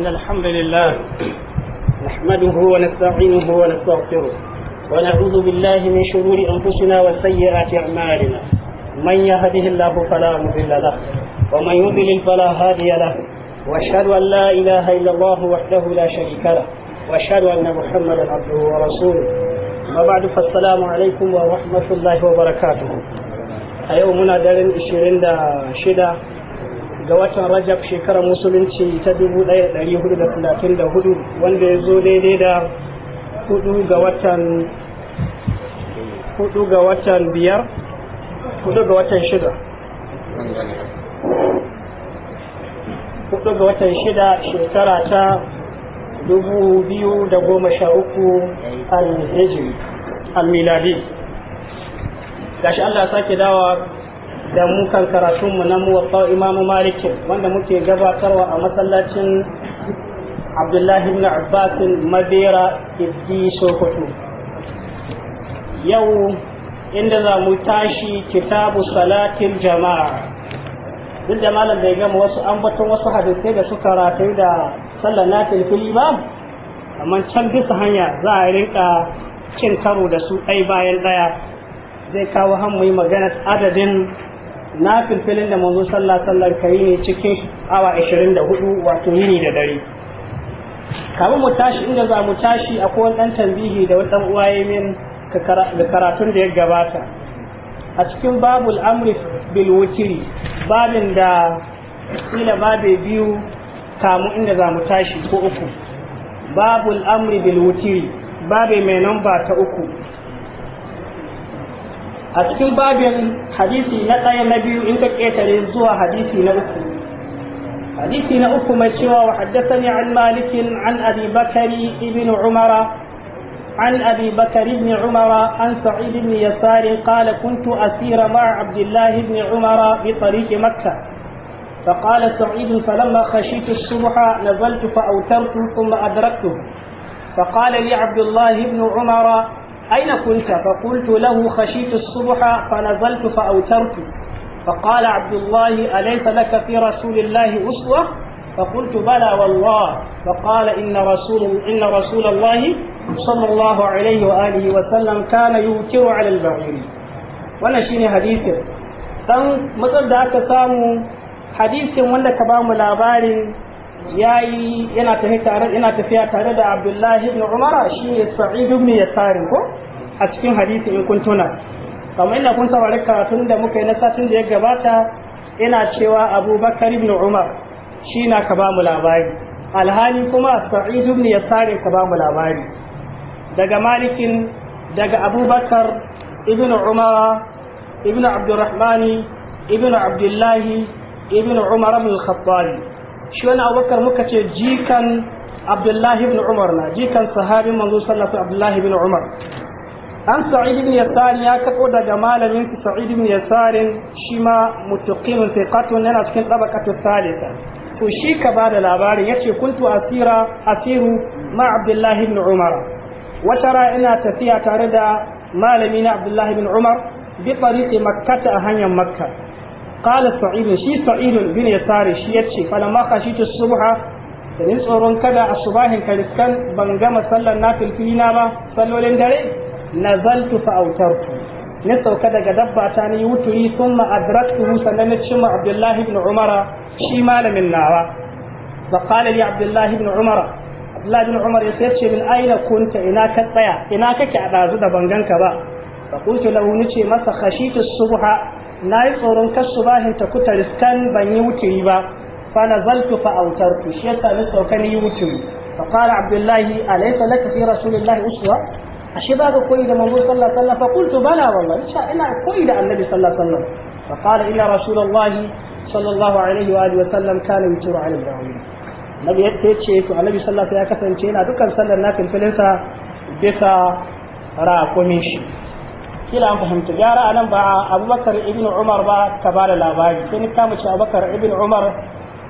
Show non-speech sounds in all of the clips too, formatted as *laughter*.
إن الحمد لله نحمده ونستعينه ونستغفره ونعوذ بالله من شرور أنفسنا وسيئات أعمالنا من يهده الله فلا مضل له ومن يضلل فلا هادي له وأشهد أن لا إله إلا الله وحده لا شريك له وأشهد أن محمدا عبده ورسوله ما بعد فالسلام عليكم ورحمة الله وبركاته أيومنا دار شدة ga watan rajab shekarar musulunci ta 1434 wanda ya zo daidai da 4 ga watan 5 ga watan 6 4 ga watan 6 shekara ta 2013 al uku al-miladi gashi Allah sake dawa da mu kan mu na muwatta Imam Malik wanda muke gabatarwa a masallacin abdullahi ibn abbas madira ibdi sokoto yau inda za mu tashi kitabu salatin jama'a duk da malam bai gama wasu ambaton wasu hadisai da suka ratayu da sallar na ba amma can bisa hanya za a rinka cin karo da su ɗai bayan ɗaya zai kawo han mu yi magana adadin na filfilin da manzo sallah sallar kai ne cikin awa 24 wato yini da dare kamar mu tashi inda za mu tashi a wani dan tambihi da wani dan uwaye min da karatun da ya gabata a cikin babul amri bil babin da kila babe biyu kamu inda za mu tashi ko uku babul amri bil wutiri babe mai namba ta uku a cikin babin hadisi na ɗaya na biyu in ka ƙetare zuwa hadisi na uku hadisi na uku mai cewa wa haddasa ni an malikin an abi bakari ibn umara an abi bakari ibn umara an sa'id ibn yasari qala kuntu asira ma abdullahi ibn umara bi tariqi makka فقال سعيد فلما خشيت الصبح نزلت فأوترت ثم أدركته فقال لي عبد الله بن عمر أين كنت فقلت له خشيت الصبح فنزلت فأوترت فقال عبد الله أليس لك في رسول الله أسوة فقلت بلى والله فقال إن رسول, إن رسول الله صلى الله عليه وآله وسلم كان يوكر على البعير wannan shine hadisin dan matsar da aka samu hadisin wanda ka bamu labarin yayi yana tafi tare yana tafiya tare da Abdullahi ibn Umar shi ne Sa'id ibn Yasar ko a cikin hadisi in kun tuna kamar ina kun saurari tun da muka yi na satin da ya gabata ina cewa Abubakar ibn Umar shi na ka ba mu labari alhali kuma Sa'id ibn Yasar ka ba mu labari daga Malikin daga Abubakar ibn Umar ibn Abdurrahman ibn Abdullahi ibn Umar ibn Khattabi shi wani abubakar muka ce jikan abdullahi ibn umar na jikan sahabin manzo sallallahu abdullahi ibn umar an sa'id ibn yasar ya kako daga malamin su sa'id ibn yasar shi ma mutaqinun thiqatun yana cikin tabaqatu thalitha to shi ka ba da labarin yace kuntu asira asiru ma abdullahi ibn umar wata ina tafiya tare da malami na abdullahi ibn umar bi tariqi makkata a hanyar makka qala sa'id shi sa'id bin yasar shi yace fa lamma khashitu subha da nin tsoron kada asubahin kariskan ban gama sallar nafil filina ba sallolin dare nazaltu fa autartu na sauka daga dabba ta ni wuturi sun ma'adraktuhu sannan na cimma abdullahi ibn umara shi malamin nawa wa qala li abdullahi ibn umara abdullahi ibn umar ya ce min aina kunta ina ka tsaya ina kake a dazu da banganka ba fa qultu lahu nace masa kashitu subha na yi tsoron kasu bahin ta kuta riskan ban yi wuturi ba fa na zaltu fa autartu shi yasa ni sauka ni yi wuturi fa qala abdullahi alaysa laka fi rasulillahi uswa ashe ba ka koyi da manzo sallallahu alaihi wasallam fa qultu bala wallahi insha ina koyi da annabi sallallahu alaihi wasallam fa qala inna rasulullahi sallallahu alaihi wa alihi wasallam kana yutiru ala al-dawin nabi yace ce to annabi sallallahu alaihi wasallam ya kasance yana dukkan sallar sa bisa raƙumin shi kila an fahimta gyara anan ba abubakar ibn umar ba ta ba da labari sai ni kama ce abubakar ibn umar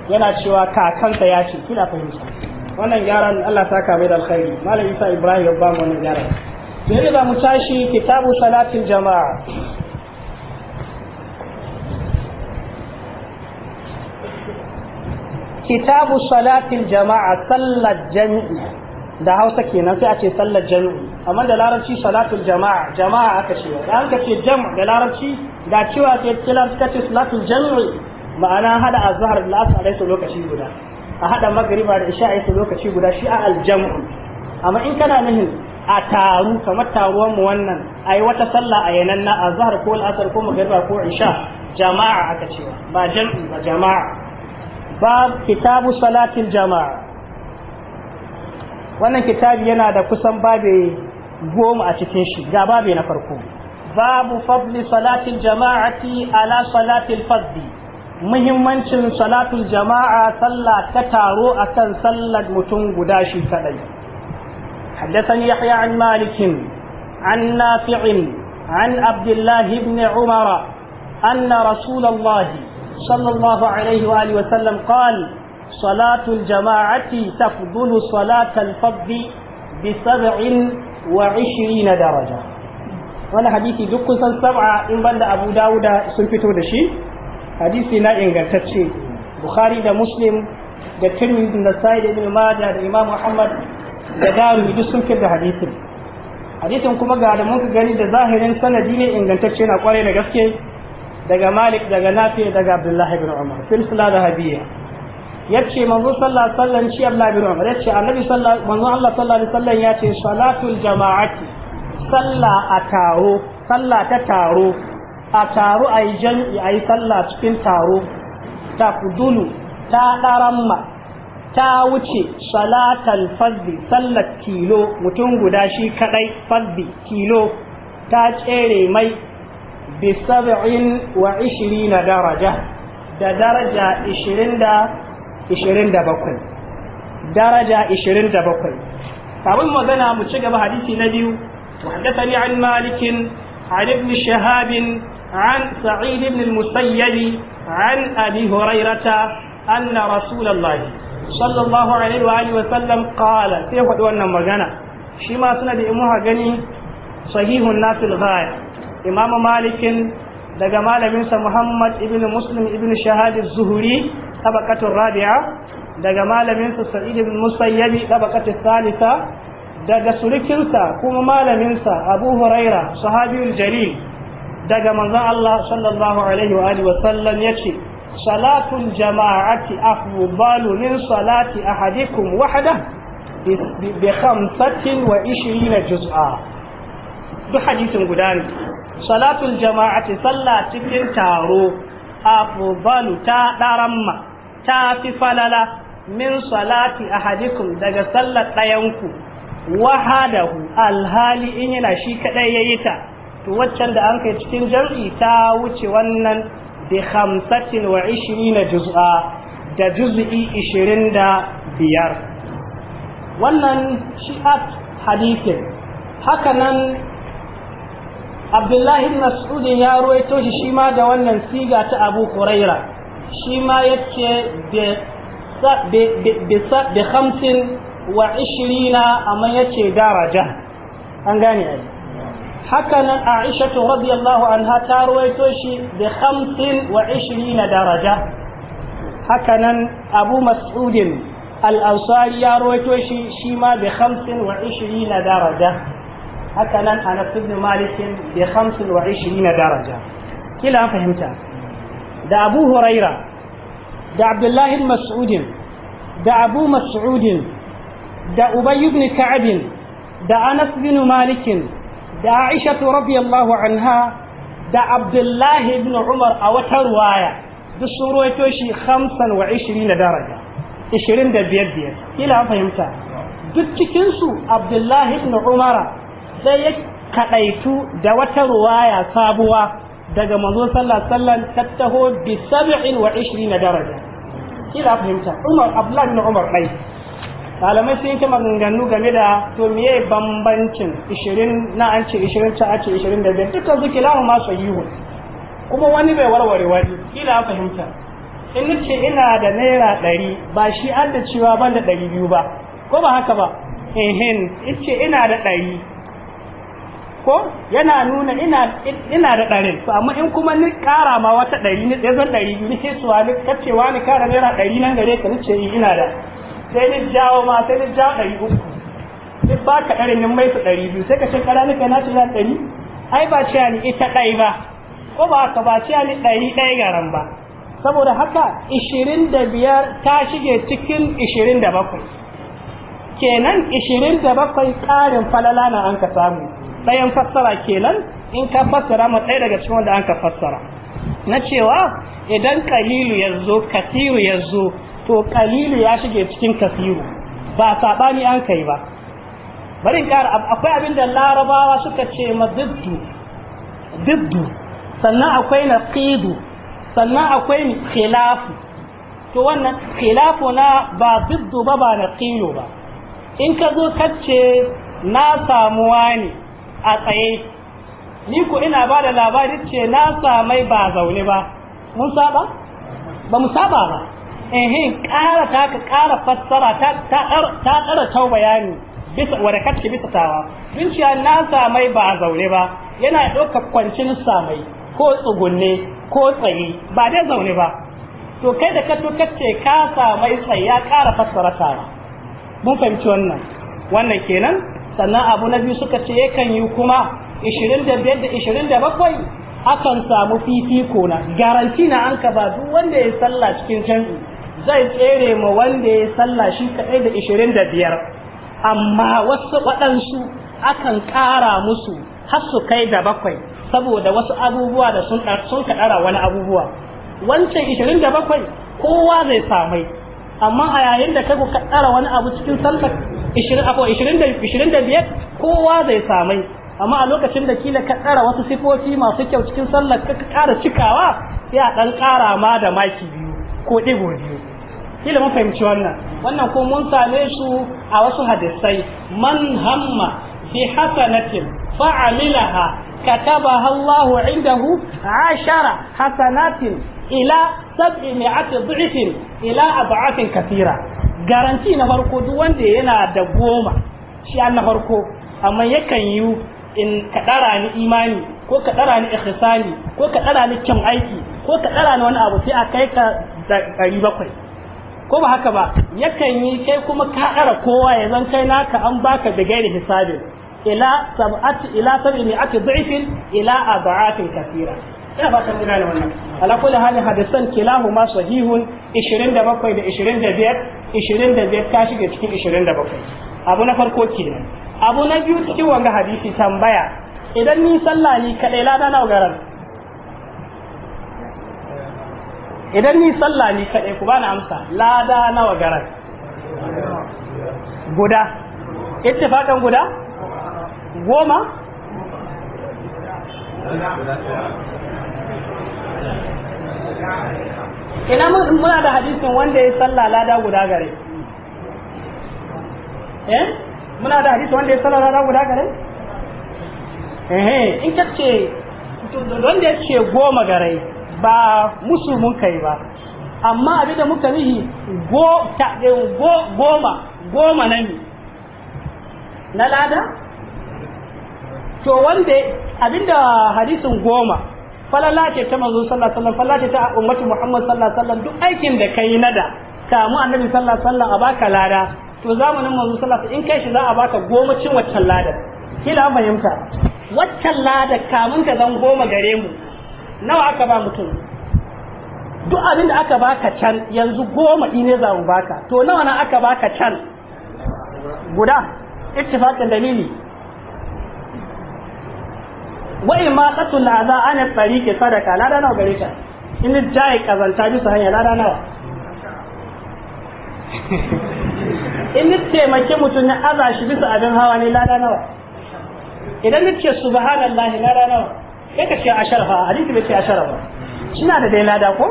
yana cewa kakansa ya ce kila fahimta wannan gyaran allah ta kame da alkhairi malam isa ibrahim ya ba mu wannan gyaran yanzu za mu tashi kitabu salatin jama'a kitabu salatin jama'a sallar jami'i da hausa kenan sai a ce sallar jami'i amma da larabci salatul jama'a jama'a aka ce da an ce jam' da larabci da cewa sai tilan suka ce salatul jam'i ma'ana hada azhar da asar a su lokaci guda a hada magriba da isha a su lokaci guda shi a aljam'u amma in kana nihin a taru kamar taruwan mu wannan ai wata sallah a yanan na azhar ko al'asar ko magriba ko isha jama'a aka cewa ba jam'i ba jama'a ba kitabu salatil jama'a wannan kitabi yana da kusan babe goma a cikin shi ga babu na farko babu fadli salatin jama'ati ala salatil fadli muhimmancin salatul jama'a sallah ta taro akan sallar mutum guda shi kadai حدثني يحيى عن مالك عن نافع عن عبد الله بن عمر أن رسول الله صلى الله عليه وآله وسلم قال صلاة الجماعة تفضل صلاة الفضل بسبع wa na daraja wani hadisi duk kusan sab'a in banda Abu Dawuda sun fito da shi hadisi na ingantacce Bukhari da Muslim da Tirmidhi da Nasa'i da Ibn Majah da Imam Muhammad da duk sun fito da hadisin kuma ga da muka gani da zahirin sanadi ne ingantacce na kwarai da gaske daga Malik daga Nafi daga Abdullahi ibn Umar silsila da Habiyya yace manzo sallallahu alaihi wasallam ci Allah bin Umar yace annabi sallallahu manzo Allah sallallahu alaihi wasallam yace salatul jama'ati salla a taro salla ta taro a taro ayi jami'i ayi salla cikin taro ta kudulu ta daramma ta wuce salatal fazzi sallar kilo mutum guda shi kadai fazzi kilo ta tsere mai bi 27 wa daraja da daraja 20 da 27 daraja 27 kamar magana mu ci gaba hadisi na biyu wahdathani an malik an ibn an sa'id ibn al-musayyib an abi hurairata anna rasulullahi sallallahu alaihi wa sallam qala sai hudu wannan magana shi ma suna da imu gani sahihun nasil imam malikin daga malaminsa muhammad ibn muslim ibn shahab Zuhuri. tabaqatu rabi'a daga malamin su sa'id ibn musayyabi tabaqatu salisa daga surukinsa kuma malaminsa abu huraira sahabiyul jalil daga manzon Allah sallallahu alaihi wa alihi wa sallam yace salatul jama'ati afdalu min salati ahadikum wahda bi khamsatin wa 20 juz'a duk hadisin guda ne salatul jama'ati sallah taro afdalu ta ɗarama. ta fi falala min salati ahadikum daga sallar ɗayanku wahadahu alhali in yana shi kaɗai ya yi ta to waccan da an kai cikin jam'i ta wuce wannan bi hamsatin wa ishirina juz'a da juz'i ishirin da biyar wannan shi'at hadithin hakanan abdullahi mas'udin ya ruwaito shi shi ma da wannan siga ta abu kuraira shi ma ya ce da hamsin wa ishirina amma ya ce daraja an gane ai haka nan aisha to radiyallahu ha ta ruwaito shi da hamsin wa ishirina daraja haka nan abu mas'udin al'ansari ya ruwaito shi shi ma da hamsin wa ishirina daraja haka nan anas ibn malikin da hamsin wa ishirina daraja kila an fahimta da abu huraira da abdullahi mas'udin da abu mas'udin da ubay ibn ka'ab da anas bin malikin da aisha radiyallahu anha da abdullahi ibn umar a wata ruwaya duk sun ruwaito shi da daraja ishirin da biyar biyar. kila fahimta duk cikinsu abdullahi ibn umara sai ya kaɗaitu da wata ruwaya sabuwa daga manzo sallallahu alaihi wasallam wa bi na daraja kila fahimta Umar Abdullah bin Umar dai malamai sun yi maganganu game da to meye bambancin 20 na an ce 20 ta ce 25 dukkan su kilahu ma sahihu kuma wani bai warware wani kila fahimta in nace ina da naira 100 ba shi an da cewa ban da 200 ba ko ba haka ba In ice ina da 100 ko yana nuna ina ina da ɗarin to amma in kuma ni ƙara ma wata ɗari ni zan ɗari ni sai suwa ni kacewa ni ƙara naira ɗari nan gare ka ni ce ina da sai ni jawo ma sai ni jawo ɗari uku Sai ba ka ɗari nan mai su ɗari biyu sai ka ce ƙara ni kai na ce ɗari ai ba ce ni ita ɗai ba ko ba ka ba ce ni ɗari ɗaya garan ba saboda haka ishirin da biyar ta shige cikin ishirin da bakwai kenan ishirin da bakwai ƙarin falala na an ka samu ɗayan fassara kenan in ka fassara ma ɗaya daga cikin wanda an ka fassara na cewa idan kalilu ya zo kasiru ya zo to kalilu ya shige cikin kasiru ba saɓani an kai ba bari in ƙara akwai abin da larabawa suka ce ma diddu diddu sannan akwai na tsidu sannan akwai khilafu to wannan khilafu na ba diddu ba ba naqilu ba in ka zo kace na samuwa ne a tsaye ni ko ina ba da labari ce na samai ba zaune ba mun saba ba mu saba ba ehin ƙara ta ka kara fassara ta ƙara tau bayani bisa warakatki bisa tawa mun na samai ba zaune ba yana ɗaukar kwancin samai ko tsugunne ko tsaye ba dai zaune ba to kai da ka kace ka samai tsaye ya ƙara fassara tawa mun fahimci wannan wannan kenan sannan abu na biyu suka ce yakan yi kuma 25 da 27 akan samu fifiko na garanti na an ka ba duk wanda ya sallah cikin jam'i zai tsere ma wanda ya sallah shi kaɗai da 25 amma wasu waɗansu akan ƙara musu har su kai da bakwai saboda wasu abubuwa da sun kaɗara wani abubuwa wancan 27 kowa zai samai amma a yayin da kai ka kaɗara wani abu cikin sallar 20 akwai 25 kowa zai samai amma a lokacin da kila ka tsara wasu sifofi masu kyau cikin sallar ka ƙara cikawa sai a ɗan ƙara ma da maki biyu ko ɗigo biyu kila mun fahimci wannan wannan ko mun same su a wasu hadisai man hamma bi hasanatin fa'amilaha كتبها الله عنده عشر حسنات إلى سبعمائة ضعف إلى أضعاف كثيرة garanti na farko duk wanda yana da goma shi an na farko amma yakan yi in ka dara ni imani ko ka dara ni ihsani ko ka dara ni kyan aiki ko ka dara ni wani abu sai a kai ka ɗari bakwai ko ba haka ba yakan yi kai kuma ka dara kowa ya zan kai naka an baka da gairi hisabin ila sab'at ila sab'i mi'ati dhifin ila ab'at kathira ina fatan mun gane wannan ala kulli hali hadisan kilahu ma sahihun 27 da 25 25 ta shiga cikin 27 abu na farko kenan abu na biyu cikin wanga hadisi tambaya idan ni sallah ni kadai lada nawa garan idan ni sallah ni kadai ku bani amsa lada nawa garan guda ittifaqan guda goma ina mun muna da hadisin wanda ya sallah lada guda gare eh muna da hadisin wanda ya sallah lada guda gare eh in kace wanda ya ce goma gare ba musu kai ba amma abin da muka nihi go ta eh, go goma goma nan na lada to wanda abinda hadisin goma falala ce ta manzo sallallahu alaihi wasallam falala ce ta ummati muhammad sallallahu alaihi wasallam duk aikin da kai nada kamu annabi sallallahu alaihi wasallam a baka lada to zamanin manzo sallallahu alaihi wasallam in kai shi za a baka goma cin waccan ladar kila fahimta waccan lada kamun ka zan goma gare mu nawa aka ba mutum duk abin da aka baka can yanzu goma dine ne za mu baka to nawa na aka baka can guda ittifaqan dalili wa a adha an tariqi sadaka lada nawa gare ta in jaye kazanta bisa hanya lada nawa *laughs* in taimake mutum ya aza shi bisa abin hawa ne lada nawa idan nake subhanallahi lada nawa kai ka ce a hadisi bai ce asharfa na da dai lada ko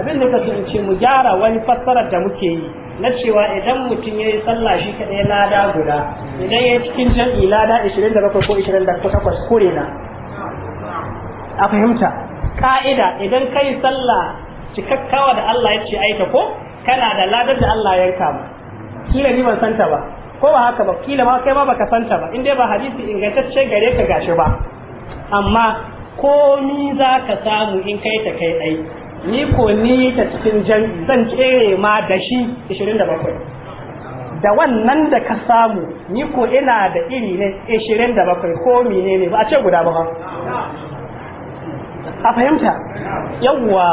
abin da so in ce mu gyara wani fassarar da muke yi na cewa idan mutum ya yi sallah shi kaɗai lada guda idan ya yi cikin jam'i lada 27 ko 28 ko na a fahimta ka'ida idan kai sallah cikakkawa da Allah ya ce aika ko kana da ladar da Allah ya yanka mu kila ni ban santa ba ko ba haka ba kila ma kai ma baka santa ba in dai ba hadisi ingantacce gare ka gashi ba amma komi za ka samu in kai ta kai dai ni ko ni ta cikin jan zan tsere ma da shi 27 da wannan da ka samu ni ko ina da iri ne 27 ko mine ne ba a ce guda ba a fahimta yawwa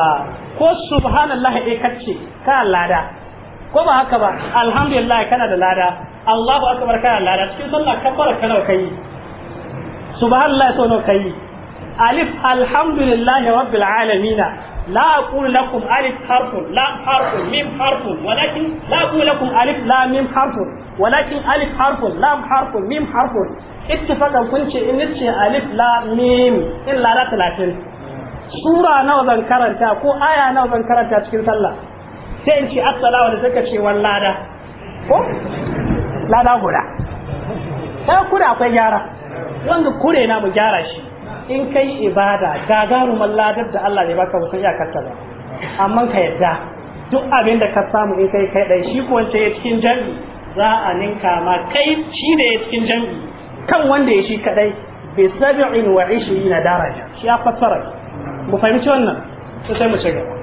ko subhanallah dai kace ka lada ko ba haka ba alhamdulillah kana da lada Allahu akbar kana da lada cikin sallah kabbara kana kai subhanallah so no kai alif alhamdulillah rabbil alamin لا أقول لكم ألف حرف لا حرف ميم حرف ولكن لا أقول لكم ألف لا ميم حرف ولكن ألف حرف لام حرف ميم حرف اتفقا sura nawa zan karanta ko aya nawa zan karanta cikin sallah sai in ce assalamu da take ce lada ko lada guda ta kura akwai gyara wanda kure na mu gyara shi in kai ibada gagarumar ladar da Allah ne baka wasu iyakarta ba amma ka yadda duk abin da ka samu in kai kai dai shi ko wance ya cikin jami za a ninka ma kai shi ne ya cikin jami kan wanda ya shi kadai bi sab'in wa 20 daraja shi ya fassara mu fahimci wannan sai mu ci gaba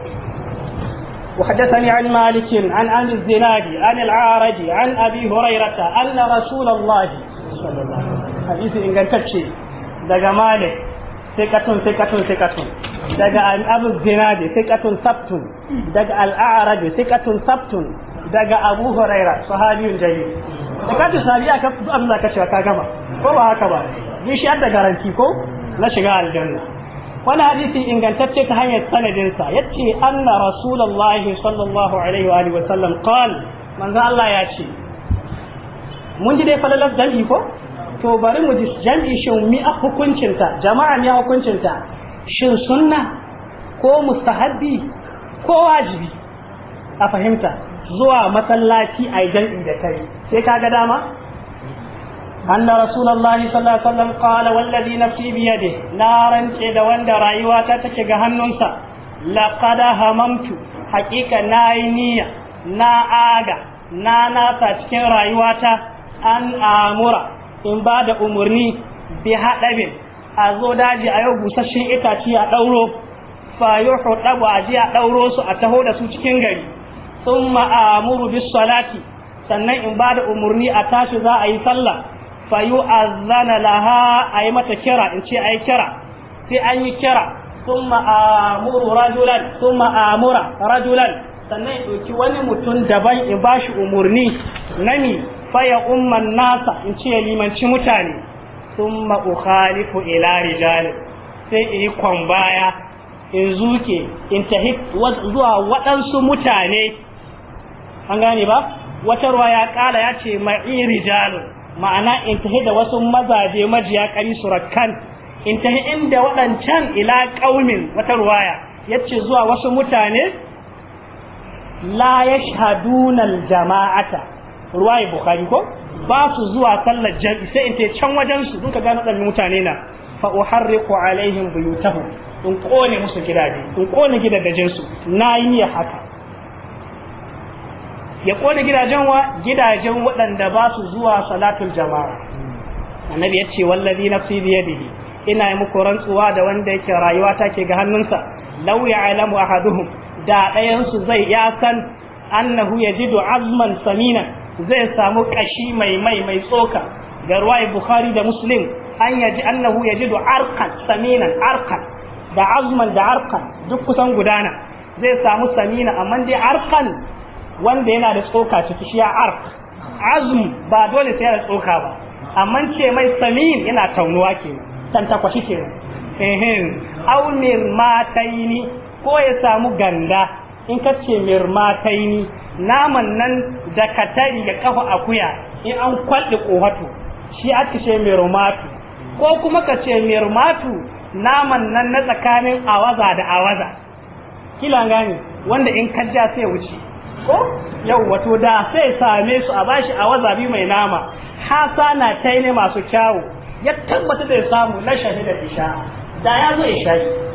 وحدثني عن مالك عن عن الزناد عن العارج عن ابي هريره ان رسول الله صلى الله عليه وسلم حديث ان كتشي دغ مالك سكتون سكتون سكتون دغ ابو الزناد سكتون سبتون دغ الاعرج سكتون سبتون دغ ابو هريره صحابي جليل دغ صحابي aka abin da ka ce ka gama ko ba haka ba ni shi da garanti ko na shiga aljanna wani hadisi ingantacce ta hanyar sanadin ya yace anna rasulullahi sallallahu alaihi wa sallam qal manzo Allah ya ce mun ji dai falalar dal'i ko to bari mu ji jam'i shin mi a hukuncinta jama'a mi a hukuncinta shin sunna ko mustahabbi ko wajibi a fahimta zuwa masallaci a jam'i da kai sai kaga dama أن رسول الله صلى الله عليه وسلم قال والذي نفسي بيده نارا كيدا وندا رايوا تتكي هنونسا لقد هممت حقيقة ناينية نا آغا نا ناسا تكين رايوا أن آمرا إن بعد أمرني بهدب أزو داجي أيو بوسشين إتاتي أدورو فيوحو أبو أجي أدورو سو أتهو دسو تكين غري ثم آمرو بالصلاة sannan in ba da umarni a tashi za fayu azana laha a yi mata kira in ce a yi kira sai an yi kira sun ma'amuru rajulan sun ma'amura rajulan sannan ya ɗauki wani mutum daban in ba shi umarni na mi faya umman nasa in ce ya limanci mutane sun ma'ukhalifu ila rijalin sai in yi kwambaya in zuke in tahi zuwa waɗansu mutane an gane ba wata ruwa ya ƙala ya ce ma'i rijalin ma'ana in tahi da wasu mazaje majiya kari surakan in tahi inda waɗancan ila ƙaumin wata ruwaya yace zuwa wasu mutane la yashhaduna jama'ata, ruwayi bukhari ko ba su zuwa sallar jami'i sai in tahi can wajen su duka gano dan mutane na fa uharriqu alaihim buyutahum in kone musu gidaje in kone gidajen su nayi haka ya kone gidajen wa gidajen waɗanda ba su zuwa salatul jama'a annabi ya ce wallazi nafsi bi yadihi ina yi muku rantsuwa da wanda yake rayuwa ta ke ga hannunsa law ya'lamu ahaduhum da ɗayan su zai ya san annahu yajidu azman samina zai samu kashi mai mai mai tsoka ga ruwai bukhari da muslim an yaji annahu yajidu arqan Samina arqan da azman da arqan duk kusan gudana zai samu samina amma dai arqan wanda yana da tsoka ciki shi ya arq azm ba dole sai ya tsoka ba amma ce mai samin yana taunuwa kenan dan takwashi kenan ehin aw mirmataini ko ya samu ganda in ka ce mirmataini naman nan da katari ga kafa akuya in an kwalli ƙohatu shi aka ce mirmatu ko kuma ka ce mirmatu naman nan na tsakanin awaza da awaza kila gani wanda in kajja sai wuce ko yau wato da sai same su a bashi a wazabi mai nama hasa na ta ne masu kyawu ya tabbata da samu na shahida isha da ya zo isha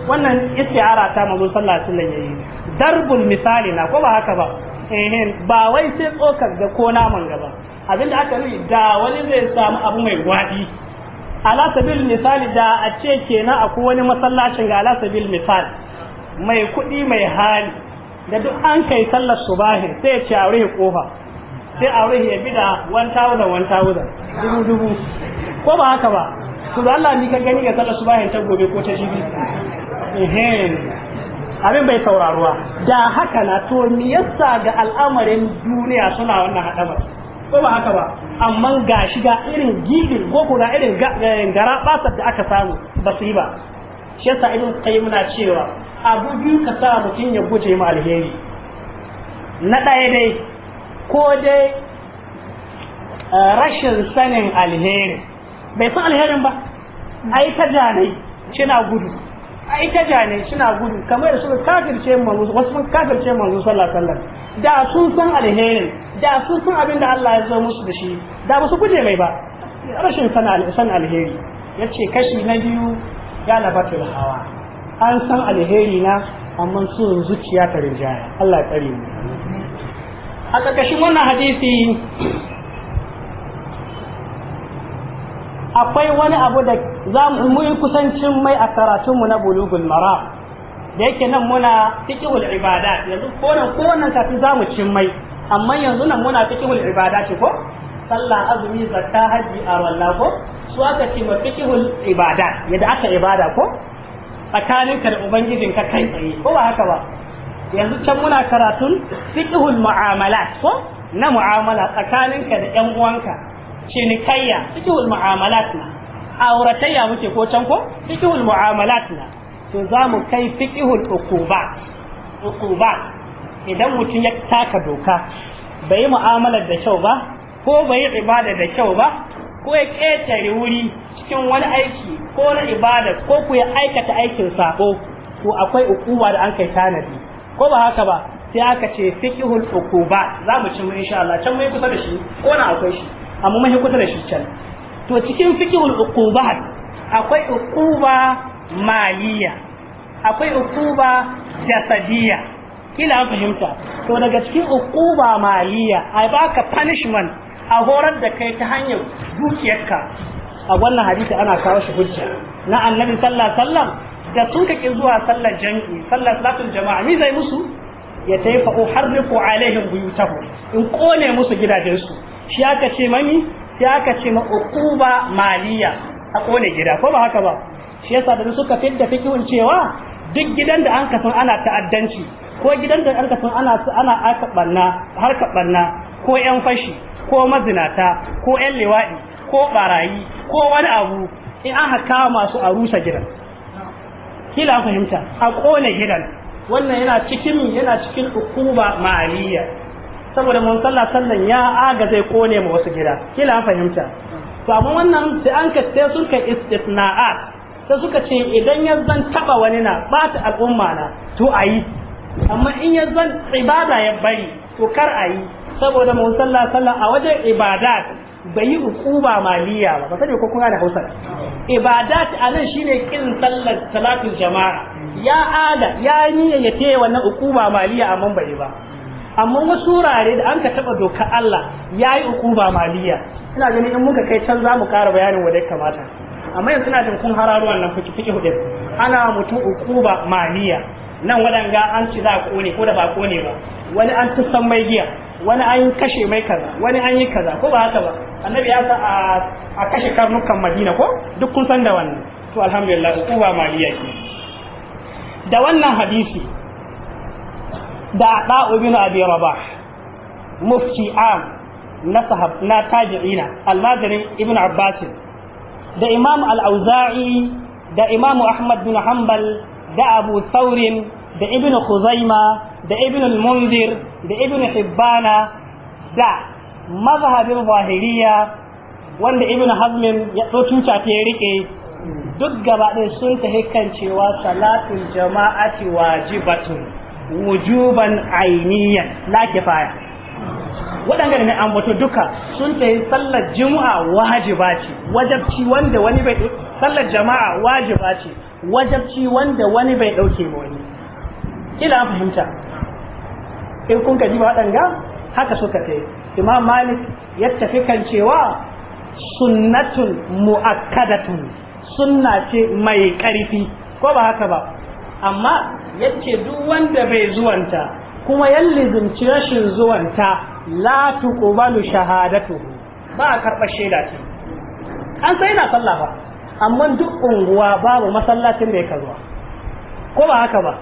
wannan istiara ta manzo sallallahu alaihi wasallam yayi darbul misali na ko ba haka ba eh ba wai sai tsokar ga ko naman gaba abinda aka yi da wani zai samu abu mai gwadi ala sabil misali da a ce kenan akwai wani masallacin ga ala sabil misali mai kuɗi mai hali da duk an kai sallar subahi sai ya ce aure rufe kofa sai bi rufe ya wuda wanta wuda dubu dubu ko ba haka ba su da Allah ni ka gani ga sallar subahi ta gobe ko ta jibi abin bai sauraruwa da haka na to me yasa ga al'amarin duniya suna wannan hadamar ko ba haka ba amma ga shiga irin gidin ko kuma irin eh, gara da aka samu ba su yi ba shi yasa ibn qayyim na cewa abu biyu ka sa mutum ya guje ma alheri na ɗaya dai ko dai eh, rashin sanin alheri bai san alherin ba a yi ta janai na gudu a yi ta janai na gudu kamar da kafirce manzo wasu sun kafirce manzo sallallahu alaihi wasallam da sun san alherin da sun san abin da Allah ya zo musu da shi da ba su guje mai ba rashin san alheri yace kashi na biyu ya da hawa an san alheri na amma sun zuciya ta rinjaya Allah ya kare mu a ƙarƙashin wannan hadisi akwai wani abu da za mu yi kusancin mai a karatunmu na bulugul mara da yake nan muna fiqhul ibada yanzu ko nan ko wannan kafin za mu cin mai amma yanzu nan muna fiqhul ibada ce ko sallah azumi zakka haji arwalla ko su aka ce ma ibada yadda aka ibada ko tsakaninka da ka kai tsaye ko ba haka ba yanzu can muna karatun fiqhul mu'amalat ko na mu'amala tsakaninka da yan uwanka cinikayya fiqhul mu'amalat na auratayya muke ko can ko fiqhul mu'amalat na to za mu kai fiqhul uquba uquba idan mutum ya taka doka bai yi mu'amalar da kyau ba ko bai ibada da kyau ba ko ya ƙetare wuri cikin wani aiki ko na ibada ko ku ya aikata aikin sako to akwai ukuba da an kai tanadi ko ba haka ba sai aka ce fiqhul ukuba za mu ci mu insha Allah can mai kusa da shi ko na akwai shi amma mai kusa da shi can to cikin fiqhul ukuba akwai ukuba maliya akwai ukuba jasadiya kila an fahimta to daga cikin ukuba maliya ai baka punishment a horar da kai ta hanyar dukiyarka a wannan hadisi ana kawo shi hujja na annabi sallallahu alaihi wasallam da sun kake zuwa sallar jami'i sallar salatul jama'a mi zai musu ya taifa uharriqu alaihim buyutahu in kone musu gidajensu shi aka ce mami Shi aka ce ma uquba maliya a kone gida ko ba haka ba shi yasa da suka fidda fikihun cewa duk gidan da an kasan ana ta'addanci ko gidan da an kasan ana ana aka banna har banna ko yan fashi ko mazinata ko yan liwaɗi ko ɓarayi ko wani abu in aka kama su a rusa gidan kila fahimta a ƙone gidan wannan yana cikin yana cikin hukuma maliya saboda mun sallah sallan ya aga zai ƙone ma wasu gida kila fahimta to amma wannan sai an ka sai sun kai istisna'at sai suka ce idan ya zan taba wani na bata al'umma na to ayi amma in ya zan ibada ya bari to kar ayi saboda mu sallah sallah a wajen ibadat bai yi ukuba maliya ba ba sani ko kun da Hausa ibadat anan shine kin sallar salatul jama'a ya ada ya ni ya wannan ukuba maliya amma bai ba amma wasu wurare da an ka taba doka Allah ya yi ukuba maliya ina ganin in muka kai can za mu kara bayanin wanda ya kamata amma yanzu ina jin kun hararo wannan fiki fiki hudin ana mutum ukuba maliya nan waɗanga an ci za a kone ko da ba kone ba wani an ta san mai giya wani an kashe mai kaza wani an yi kaza ko ba haka ba annabi ya sa a kashe karnukan madina ko duk kun san da wannan to alhamdulillah uba maliya ke da wannan hadisi da da ibn abi rabah mufti am na sahab na tabi'ina almajirin ibn abbas da imam al-auza'i da imam ahmad bin hanbal da abu thawrin da ibn khuzaima da ibn al-mundir da ibn hibbana da mazhabin zahiriya wanda ibn hazmin ya so tuta ta rike duk gaba ɗin sun ta kan cewa salatul jama'ati wajibatun wujuban ainiyan la kifaya waɗanda ne an ambato duka sun yi sallar juma'a wajiba ce wajabci wanda wani bai sallar jama'a wajiba ce wajabci wanda wani bai ɗauke wani ila fahimta in kun ka ji waɗanga haka suka ce imam malik ya tafi kan cewa sunnatun mu'akkadatun sunna ce mai ƙarfi ko ba haka ba amma yace duk wanda bai zuwanta kuma zumci rashin zuwanta la tuqbalu shahadatuhu ba a karɓar shaida ce an sai na sallah ba amma duk unguwa babu masallacin da ya zuwa ko ba haka ba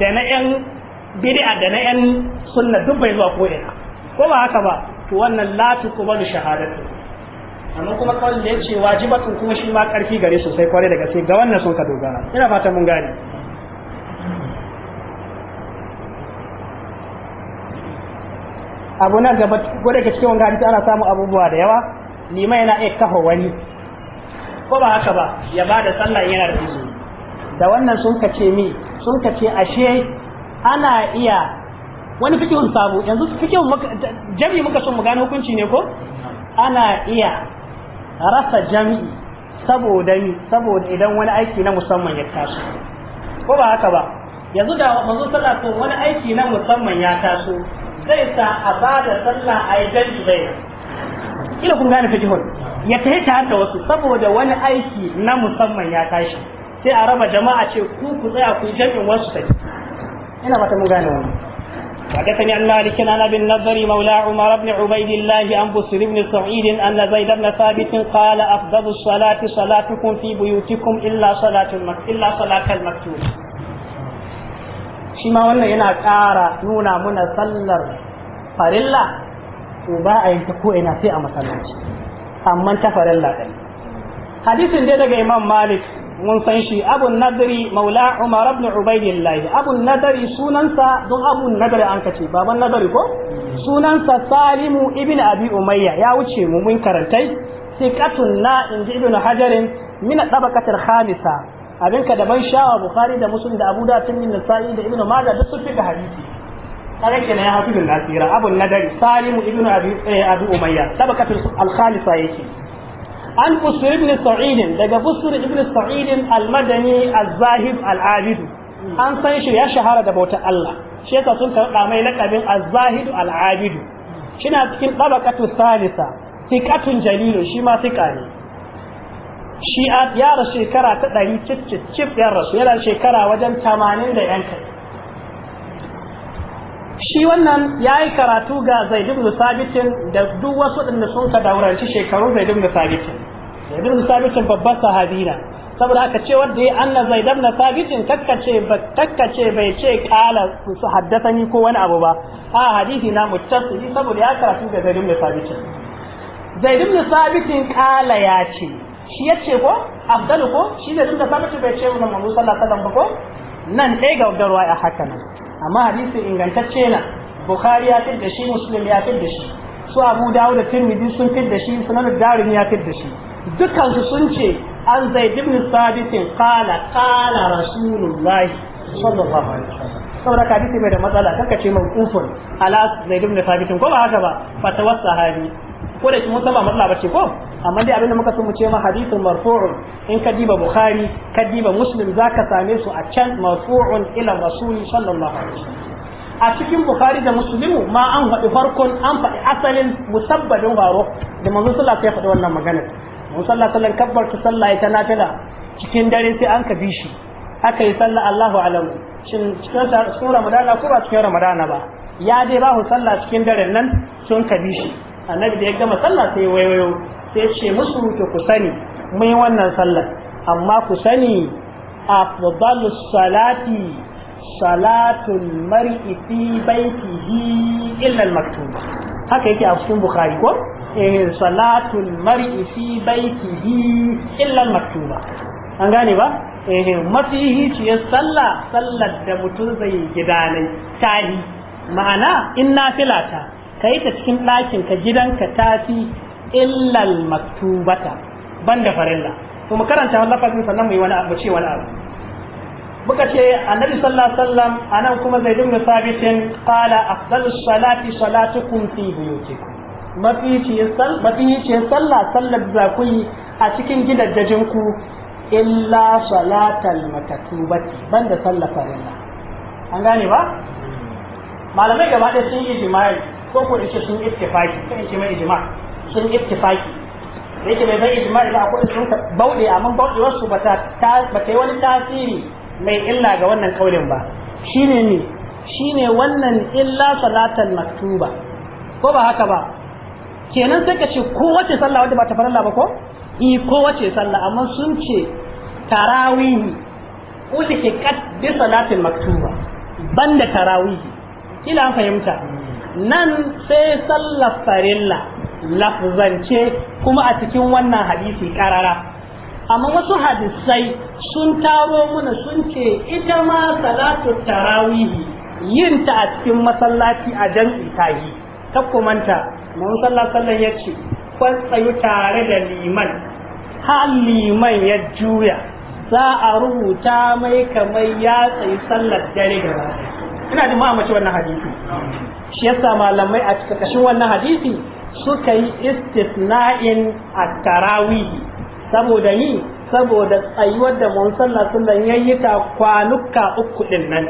da na yan bid'a da na yan sunna duk bai zuwa ko ina ko ba haka ba to wannan la tuqbalu shahadatu amma kuma kawai da yace wajibatun kuma shi ma karfi gare sosai kwarai daga sai ga wannan sun ka dogara ina fata mun gane abu na gaba ko daga cikin wanga hadisi ana samun abubuwa da yawa lima yana iya kafa wani ko ba haka ba ya bada sallah yana da izini da wannan sun kace mi sun kace ashe ana iya wani fikihun sabu yanzu fikihun jami'i muka so mu gane hukunci ne ko ana iya rasa jami'i saboda ni saboda idan wani aiki na musamman ya taso ko ba haka ba yanzu da manzo sallah to wani aiki na musamman ya taso zai sa a ba da sallah a yi zai kila ina kun gane fikihun ya tafi tare da wasu saboda wani aiki na musamman ya tashi sai a raba jama'a ce ku ku tsaya ku yi jami'in wasu tafi ina bata mun gane wannan حدثني عن مالك عن ابي النضر مولى عمر بن عبيد الله عن بصير بن سعيد ان زيد بن ثابت قال افضل الصلاه صلاتكم في بيوتكم الا صلاه المكتوب الا صلاه المكتوب shi ma wannan yana kara nuna muna sallar farilla to ba a yanke ko ina sai a masallaci amma ta farilla hadisin dai daga imam malik mun san shi abu nadri maula umar ibn ubaidillah abu nadri sunansa don abu nadri an kace baban nadri ko sunansa salimu ibn abi umayya ya wuce mu mun karantai thiqatun na inji ibn hajarin min tabaqatil khamisa ka da ban shawa bukhari da muslim da abu datin min nasa'i da ibn majah duk sun fika hadisi kare kenan ya hafizul nasira abu nadri salimu ibn abi eh, abi umayya tabaqatil al khamisa yake an fusuri ibn sa'id daga fusuri ibn sa'id al-madani az-zahid al-abid an san shi ya shahara da bautar Allah shi yasa sun karɓa mai laƙabin az-zahid al-abid shina cikin tabaqatu salisa thiqatun jalilu shi ma thiqa ne shi ya rasu shekara ta 100 cif cif ya rasu yana shekara wajen 80 da yanka shi wannan ya yi karatu ga zaid ibn sabitin da duk wasu ɗin sun ka dauranci shekaru zaid ibn sabitin ibn sabitin babban sahabi na saboda haka ce wanda ya anna zaid ibn sabitin takkace ba bai ce kala su ni ko wani abu ba a hadisi na muttasili saboda ya karatu ga zaid ibn sabitin zaid ibn sabitin kala ya ce shi ya ce ko afdalu ko shi ne suka sabitin bai ce mu Muhammad sallallahu alaihi wasallam ba ko nan dai ga garwa a haka nan amma hadisi ingantacce na bukhari ya fi da shi muslim ya fi da shi su abu dawud da tirmidhi sun fi da shi sunan darimi ya fi da shi dukansu sun ce an zai dibin sabitin kala kala rasulullahi sallallahu alaihi wasallam saboda ka hadisi mai da matsala kanka ce mawqufun ala zai dibin sabitin ko ba haka ba fatawar sahabi ko da mun saba matsala bace ko amma dai abinda muka so mu ce ma hadithun marfu'un in ka diba bukhari ka diba muslim zaka same su a can marfu'un ila rasuli sallallahu alaihi wasallam a cikin bukhari da muslimu ma an faɗi farkon an faɗi asalin musabbadin faro da manzon sallallahu alaihi wasallam ya faɗi wannan magana Musallar sallan kabbar ta sallah ita na nafila cikin dare sai an ka bi shi aka yi sallah Allahu alamu shin cikin sun ramadana ko ba cikin ramadana ba ya dai ba ku sallah cikin dare nan sun ka bi shi annabi da ya gama sallah sai wayoyo sai ce musu to ku sani mun yi wannan sallar amma ku sani afdalus salati salatul mar'i fi baitihi illa al-maktuba haka yake a cikin bukhari ko eh salatul mar'i fi baitihi illa al-maktuba an gane ba eh mafihi ya salla sallar da mutum zai gidanai tahi ma'ana in nafilata kai ta cikin ɗakin ka gidanka tafi illa al-maktubata banda farilla to mu karanta lafazin sannan mu yi wani abu ce wani abu muka ce annabi sallallahu alaihi wasallam anan kuma zaid ibn thabit qala afdalus salati salatukum fi buyutikum mafi ce sallah sallar da ku yi a cikin gidajen ku illa salatal makatubati banda sallar farilla an gane ba malamai gaba ɗaya sun ijma'i ko ko ce sun ittifaki kan ce mai ijma sun ittifaki da yake bai zai ijma'i ba ko sun bauɗe amma bauɗe wasu ba ta yi wani tasiri mai illa ga wannan kaulin ba shine ne shine wannan illa salatan maktuba ko ba haka ba kenan sai ka ce kowace sallah wadda ba ta farilla ba ko i kowace sallah amma sun ce tarawihi ke kat bi salatin maktuba banda tarawihi kila an fahimta nan sai sallar farilla lafzance kuma a cikin wannan hadisi karara amma wasu hadisai sun taro mana sun ce ita ma salatu tarawihi yin ta a cikin masallaci a jam'i ta ta kumanta mun sallallahu ya ce kwan tsayu tare da liman har liman ya juya za a rubuta mai kamar ya tsayi sallar dare gaba ina da ma'amaci wannan hadisi shi yasa malamai a cikin wannan hadisi suka yi istisna'in a tarawihi. saboda yi, saboda tsayuwar da mun sallah sallan yayi ta kwanuka uku din nan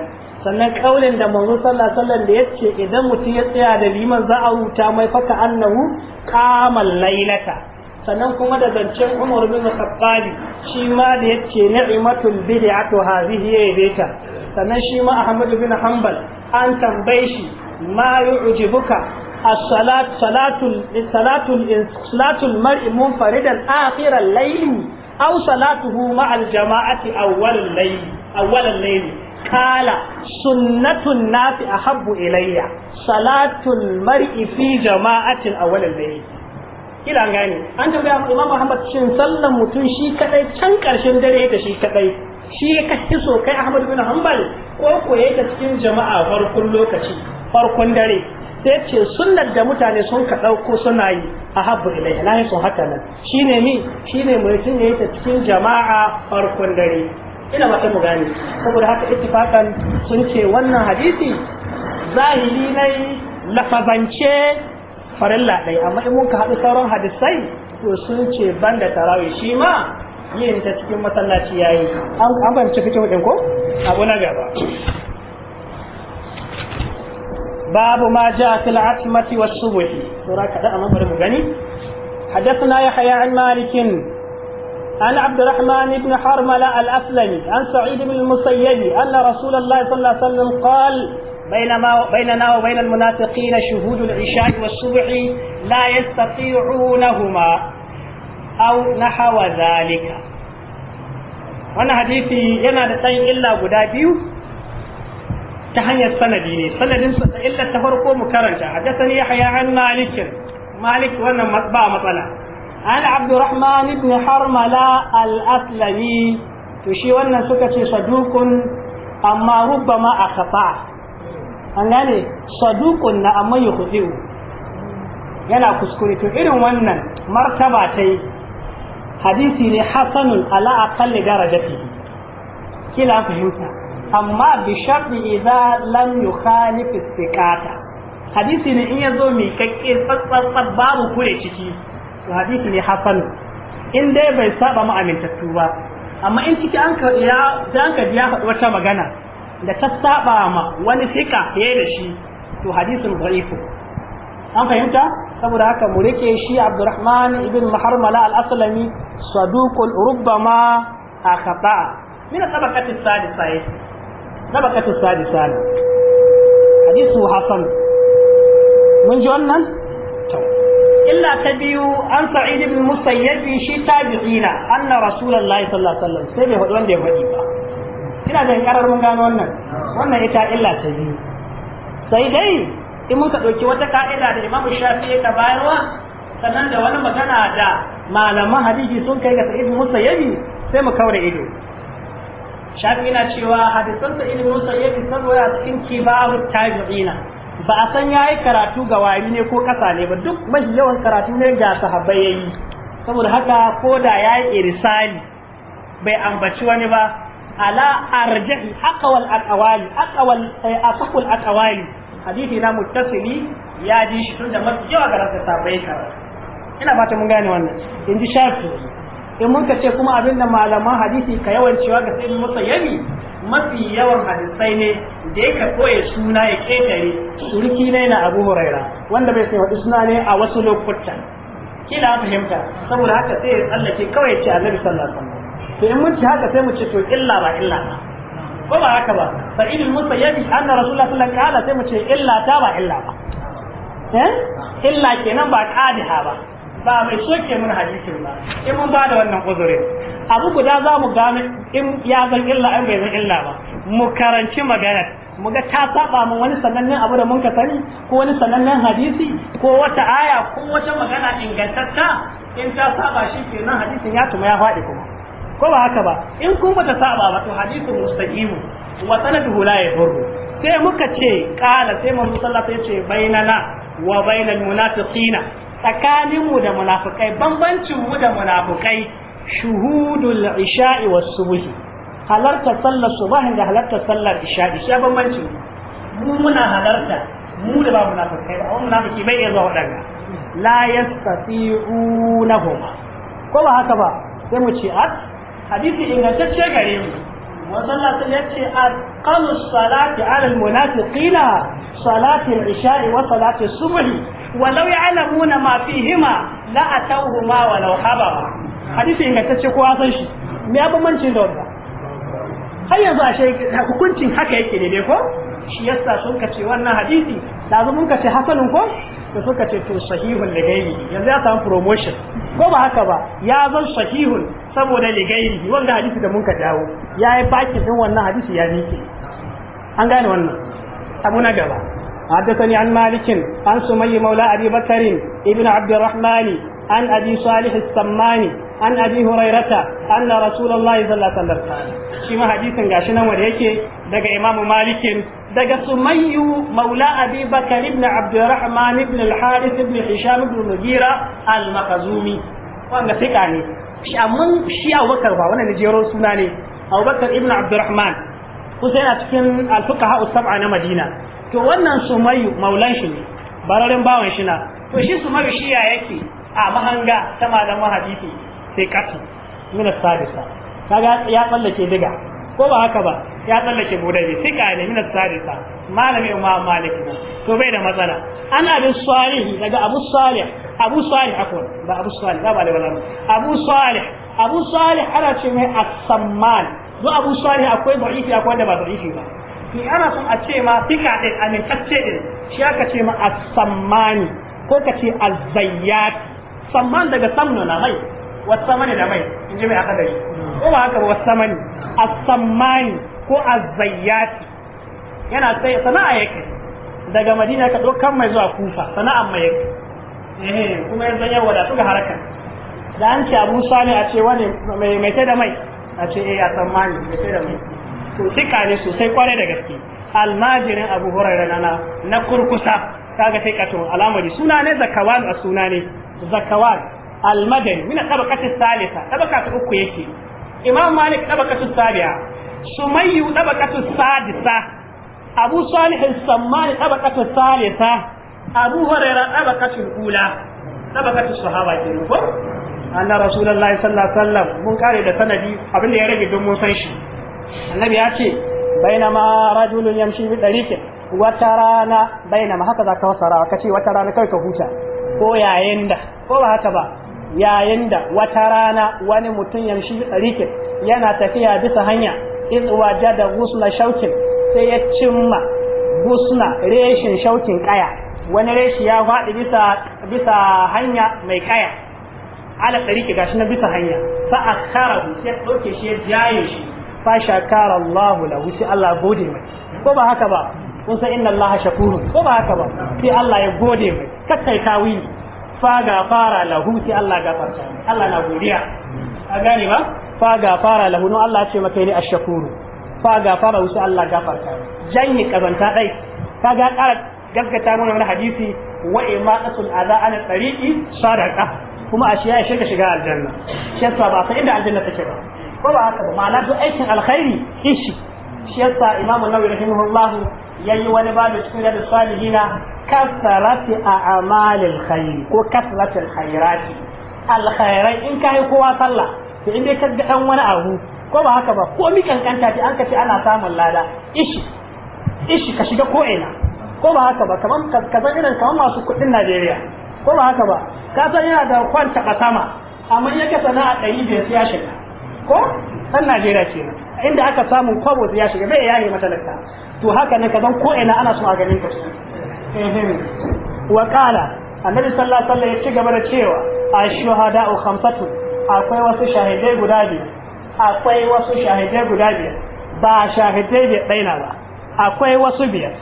sannan kaulin da mun sallah sallan da yace idan mutum ya tsaya da liman za a huta mai faka annahu qamal lailata sannan kuma da zancen Umar bin Khattab shi ma da yace ni'matul bid'atu hadhihi yaybeta sannan shi ma Ahmad bin Hanbal an tambaye shi ma yu'jibuka الصلاة صلاة صلاة صلاة المرء منفردا آخر الليل أو صلاته مع الجماعة أول الليل أول الليل قال سنة الناس أحب إلي صلاة المرء في جماعة kila gane an tambaya Imam Ahmad shin sallan mutum shi kadai can karshen dare da shi kadai shi ya fi so kai Ahmad bin Hanbal ko ko yake cikin jama'a farkon lokaci farkon dare sai ce sunnar da mutane sun ka ɗauko suna yi a habbu ilai lahi sun haka nan shi ne mi shi ne mutum ya yi ta cikin jama'a farkon dare ina ba ta mu gane saboda haka ittifakan sun ce wannan hadisi zahiri ne lafazance farilla ɗai amma in mun ka haɗu sauran hadisai to sun ce banda tarawi shi ma yin ta cikin masallaci yayi an bance cikin ɗin ko abu na gaba babu ma ja fil atmati was subhi sura kada amma bari mu gani حدثنا يحيى عن مالك عن عبد الرحمن بن حرملة الأسلمي عن سعيد بن المسيب أن رسول الله صلى الله عليه وسلم قال بينما بيننا وبين المنافقين شهود العشاء والصبح لا يستطيعونهما أو نحو ذلك wannan hadisi yana da tsayin illa guda biyu ta hanyar sanadi ne sanadin ta illa ta farko mu karanta haddathani yahya an malik malik wannan ba matsala an abdurrahman ibn harmala al-aslami to shi wannan suka ce sadukun amma rubbama akhata an gane sadukun na amma yukhdi'u yana kuskure to irin wannan martaba tai hadisi ne hasanun ala aqalli darajatihi kila fahimta amma bi sharri idza lam yukhalif istiqata hadisi ne in yazo mai kakke tsatsatsat babu kure ciki to hadisi ne hasan in dai bai saba mu amintattu ba amma in ciki an ka ya dan ka ya faɗi wata magana da ta saba ma wani fika yayi da shi to hadisin da'ifu an fahimta saboda haka mu rike shi Abdurrahman ibn Maharmala al-Aslami saduqul rubbama akhata min tabaqati sadisa tabaqatu sadisana hadisu حسن mun ji wannan to illa ta biyu an sa'id ibn musayyib shi tabi'ina anna rasulullahi sallallahu alaihi wasallam sai bai faɗi wanda ya faɗi ba ina da mun gano wannan wannan ita illa ta biyu sai dai in mun ka ɗauki wata ka'ida da imamu shafi'i ka bayarwa sannan da wani magana da malaman hadisi sun kai ga sa'id musayyib sai mu kaura ido shafi yana cewa hadisan sa ibn san saboda cikin kibaru tabi'ina ba a san yayi karatu ga wari ne ko kasa ne ba duk mai yawan karatu ne ga sahabbai yayi saboda haka ko da yayi irsali bai ambaci wani ba ala arjahi aqwal aqwali aqwal eh, asaqul aqwali hadisi na muttasili ya ji shi tun da mafi yawa ga sahabbai karatu ina fata mun gane wannan in ji shafi in mun ka ce kuma abin da malaman hadisi ka yawan cewa ga sai musayyami mafi yawan hadisai ne da yake koya suna ya ketare surki ne na Abu Huraira wanda bai sai suna ne a wasu lokutan kila fahimta saboda haka sai ya tsallake kawai ya ce Annabi sallallahu alaihi wasallam to in mun ci haka sai mu ce to illa ba illa ba ko ba haka ba fa idil musayyabi anna rasulullah sallallahu alaihi wasallam sai mu ce illa ta ba illa ba eh illa kenan ba qadiha ba ba mai soke mun hadisin ba in mun ba da wannan uzurin abu guda za mu gane in ya zan illa in bai zan illa ba mu karanci magana mu ga ta saba mu wani sanannen abu da mun ka sani ko wani sanannen hadisi ko wata aya ko wata magana ingantatta in ta saba shi kenan hadisin ya tuma ya fadi kuma ko ba haka ba in kun bata saba ba to hadisin mustaqimu wa sanaduhu la yadurru sai muka ce kala sai manzo sallallahu alaihi wasallam ya ce bainana wa bainal munafiqina tsakaninmu da munafukai bambancinmu da munafukai shuhudul isha'i was subhi halarta sallar subahin da halarta sallar isha'i shi bambancin mu muna halarta mu da ba munafukai ba wani munafiki bai iya zuwa waɗanda la yastati'unahuma ko ba haka ba sai mu ce at hadisi ingantacce gare mu ya ce وصلى يأتي أقل الصلاة على المنافقين isha'i wa وصلاة الصبح walau ya'lamuna ma fihima la atawhuma walau habara hadisi ingantacce kowa san shi me ya bambancin da wadda. har yanzu ashe hukuncin haka yake ne dai ko shi yasa sun kace wannan hadisi da mun kace hasanun ko da suka ce to sahihun ligairi yanzu ya samu promotion ko ba haka ba ya zan sahihun saboda ligairi wanda hadisi da muka ka dawo ya yi baki din wannan hadisi ya miƙe an gane wannan abu na gaba حدثني عن مالك عن سمي مولى أبي بكر ابن عبد الرحمن عن أبي صالح السماني عن أبي هريرة أن رسول الله صلى الله عليه وسلم شما حديث غاشنا وريكي دقى إمام مالك دقى سمي مولى أبي بكر ابن عبد الرحمن ابن الحارث ابن هشام ابن المغيرة المخزومي وأنا ثقة shi amman shi Abu Bakar ba wannan jeron suna ne Abu Bakar ibn Abdurrahman kusa yana cikin al-fuqaha us-sab'a na Madina to wannan sumayu maulan shi ne bararin bawan shi na to shi sumayu shi ya yake a mahanga ta Malam hadisi sai kasu mina sadisa kaga ya tsallake diga ko ba haka ba ya tsallake sai sika ne mina sadisa malami umma malik ne to bai da matsala ana bin salihi daga abu salih abu salih akwai ba abu salih ba ba da wala abu salih abu salih ana ce mai as-samman duk abu salih akwai da'ifi akwai da ba da'ifi ba in ana son a ce ma fika din amintacce din shi aka ce ma as-sammani ko ka ce a zayyat samman daga samno na mai wasamani da mai in ji mai aka dari ko ba haka wasamani as-sammani ko a zayyat yana sai sana'a yake daga madina ka dokan mai zuwa kufa sana'a mai yake eh kuma yanzu ya su ga harakan da an ce abu sani a ce wani mai mai da mai a ce eh a tsammani mai da mai to fika ne sosai kwarai da gaske almajirin abu hurairah na na na kurkusa kaga sai katon alamari suna ne zakawan a suna ne zakawan almadani mina tabaqatis salisa tabaqa ta uku yake imam malik tabaqatis sabi'a sumayyu tabaqatis sadisa abu salih as-sammani tabaqatis salisa abu hurairah tabaqatil ula tabaqatis sahaba kenan ko anna rasulullahi sallallahu alaihi wasallam mun kare da sanadi abinda ya rage don mun san shi annabi ya ce ma rajulun yamshi bi dariqin wata rana ma haka za wasara ka ce wata rana kai ka huta ko yayin da ko ba haka ba yayin da wata rana wani mutum yamshi bi dariqin yana tafiya bisa hanya in wajada gusla shaukin sai ya cimma gusla reshin shaukin kaya wani reshi ya faɗi bisa bisa hanya mai kaya ala tsariki gashi na bisa hanya fa akharahu sai doke shi ya jaye shi fa shakara Allahu lahu sai Allah gode mai ko ba haka ba kun san inna Allah shakurun ko ba haka ba sai Allah ya gode mai kakkai tawili fa gafara lahu sai Allah gafarta Allah na godiya a gani ba fa gafara lahu no Allah ce maka ni ashkuru fa gafara sai Allah gafarta janye kazanta dai ga ƙara gaskata mana wani hadisi wa imaqatul adha an tariqi sadaqa kuma ashiya ya shiga shiga aljanna shi ba sai inda aljanna take ba ko ba haka ba ma'ana duk aikin alkhairi kishi shi yasa imamu nawawi rahimahullah yayi wani babu cikin da salihina kasarati a amalil khairi ko kasratil khairati alkhairai in kai kowa sallah to in dai ka ga dan wani abu ko ba haka ba ko mi kankanta ta an ka ce ana samun lada ishi ishi ka shiga ko ina ko ba haka ba kaman ka san irin kaman masu kuɗin Najeriya ko ba haka ba ka san yana da kwanta kasama amma yake sana'a ɗari biyar sai ya shiga ko san Najeriya ce inda aka samu kwabo ya shiga bai yayi matalaka to haka ne kaman ko ina ana so a ganin ka wa qala annabi sallallahu alaihi wasallam ya ci gaba da cewa ashuhada u khamsatu akwai wasu shahidai guda biyu akwai wasu shahidai guda biyar ba shahidai biyar daina ba akwai wasu biyar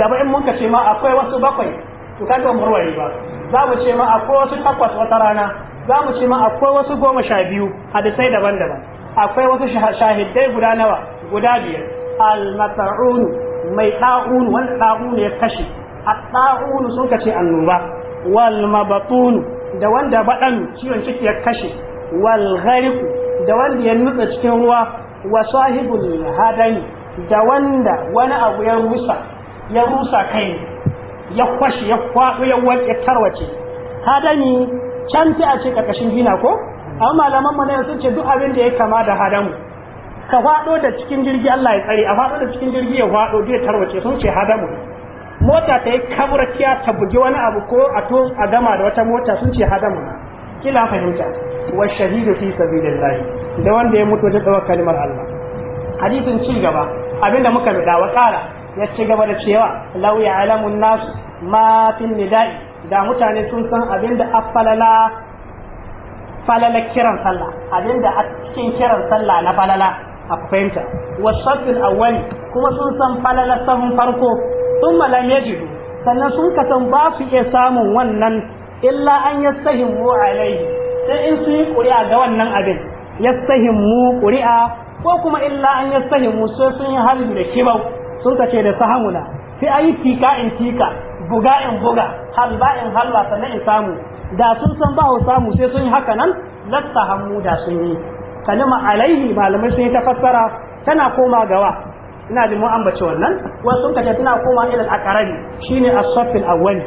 gaba in muka ce ma akwai wasu bakwai to kaga murwayi ba za mu ce ma akwai wasu takwas wata rana za mu ce ma akwai wasu goma sha biyu hadisai daban-daban akwai wasu shahidai guda nawa guda biyar al-mata'un mai ta'un wanda ta'un ya kashe at-ta'un sun kace annoba wal mabatun da wanda badan ciwon ciki ya kashe wal da wanda ya nutsa cikin ruwa wa sahibul hadani da wanda wani abu ya rusa ya rusa kai ya kwashe ya kwaɗo ya tarwace hadani can sai a ce karkashin gina ko amma malaman mu ne sun ce duk abin da ya kama da hadamu ka fado da cikin jirgi Allah ya tsare a fado da cikin jirgi ya fado zai tarwace sun ce hadamu mota ta yi kiya ta bugi wani abu ko a to a gama da wata mota sun ce hadamu kila fahimta wa shahidu fi sabilillah da wanda ya mutu wajen tsawon kalmar Allah hadisin ci gaba abinda muka da wa kara ya ci gaba da cewa lau ya an nasu ma fil nida'i da mutane sun san abin da afalala falala kiran sallah a cikin kiran sallah na falala a fahimta wa kuma sun san falala sahun farko sun malam yajidu sannan sun kasan ba su iya samun wannan illa an yastahimu alaihi sai in sun yi ƙuri'a ga wannan abin yastahimu ƙuri'a ko kuma illa an yastahimu sai sun yi halin da kibau sun kace da sahamuna sai ayi tika in tika buga in buga halba in halwa sannan in samu da sun san ba samu sai sun yi haka nan latta hannu da sun yi kalima alaihi malamai sun yi ta fassara tana koma gawa ina da mu ambace wannan wasu sun kace tana koma ilal aqrabi shine as-saffil awwal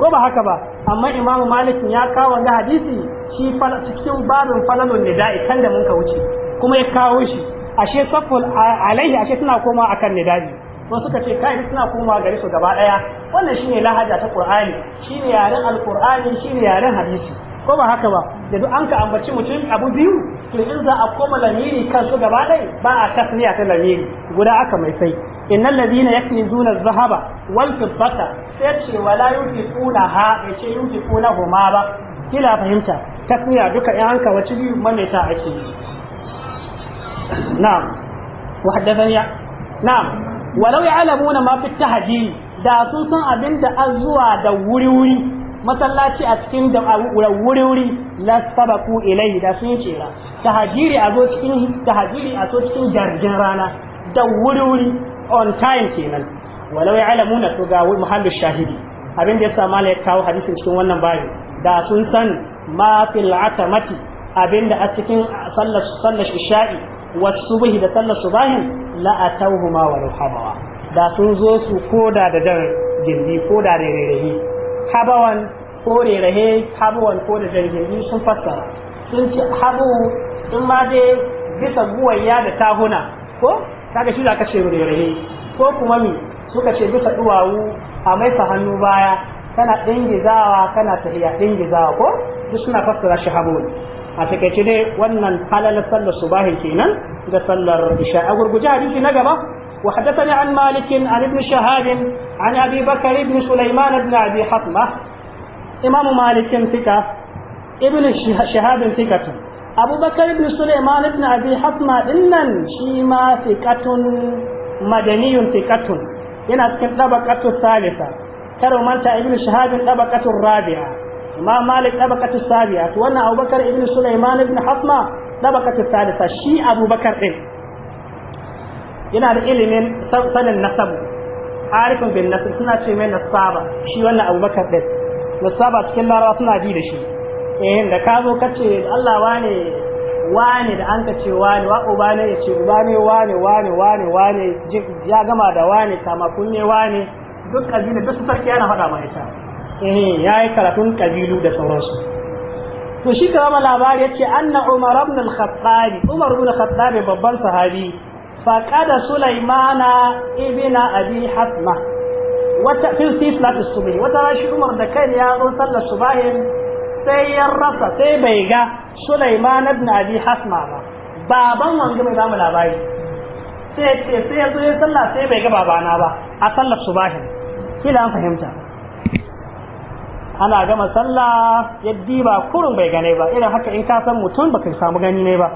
ko ba haka ba amma imamu malik ya kawo wannan hadisi shi cikin babin falalun nida'i kan da mun ka wuce kuma ya kawo shi ashe safful alaihi ashe tana koma akan nida'i Wasu suka ce kai suna koma gare su gaba daya wannan shine lahaja ta qur'ani shine yaren alqur'ani shine yaren hadisi ko ba haka ba da duk an ka ambaci mutum abu biyu to in za a koma lamiri kan su gaba dai ba a tasniya ta lamiri guda aka mai sai innal ladina yaknizuna adh-dhahaba wal fiddata sai ce wala yunfiquna ha ya ce yunfiquna huma ba kila fahimta tasniya duka in an ka wace biyu mamaita ake na wa haddathani na'am walau ya ya'lamuna ma fi tahajiri da sun san abin da an zuwa da wuri wuri masallaci a cikin da wuri wuri la sabaku ilai da sun ce ra tahjiri a zo cikin tahjiri a zo cikin jarjin rana da wuri wuri on time kenan walau ya ya'lamuna to ga muhallu shahidi abin da ya mala ya kawo hadisin cikin wannan bayan da sun san ma fil atamati da a cikin sallar sallar isha'i Wasu subhi da sallar subahin la atawhuma wa habawa da sun zo su koda da jan gindi koda da rerehe habawan ko rerehe habawan ko da jan gindi sun fassara sun ci habu in ma dai bisa guwayya da tahuna ko kaga shi zaka ce rerehe ko kuma mi suka ce bisa duwawu a mai hannu baya kana dingizawa kana tahiya dingizawa ko duk suna fassara shi habu a takaice ne wannan halal sallar subahin kenan da sallar isha a gurguje hadisi na gaba وحدثني عن مالك عن ابن شهاب عن ابي بكر بن سليمان بن ابي حطمه امام مالك ثقه ابن شهاب ثقه ابو بكر بن سليمان بن ابي حطمه دنن شي ما ثقه مدني ثقه yana cikin ɗabakatu salisa karo manta ibn shahabin ɗabakatu rabi'a imam malik tabaqatu sabiya to wannan abubakar ibn sulaiman ibn hasma tabaqatu salisa shi abubakar din yana da ilimin sanin nasabu harifin bin nasab suna ce mai nasaba shi wannan abubakar din nasaba cikin larawa suna ji da shi eh da ka zo ka ce Allah wane wane da an ka ce wane wa uba ne ya ce uba ne wane wane wane wane ya gama da wane kama kunne wane duk kabilar duk sarki yana faɗa ma ita eh yayi karatun kabilu da sauransu to shi ka ba labari yace anna umar ibn al-khattab umar ibn al-khattab babban sahabi faqada sulaimana ibn abi hatma wata fi siflat as-subhi wata rashi umar da kai ya zo sallar subahin sai ya rasa sai bai ga sulaiman ibn abi hatma ba baban wanga mai bamu labari sai sai ya zo ya sallah sai bai ga babana ba a sallar subahin kila an fahimta ana gama sallah ya diba kurun bai gane ba irin haka in ka san mutum baka samu gani ne ba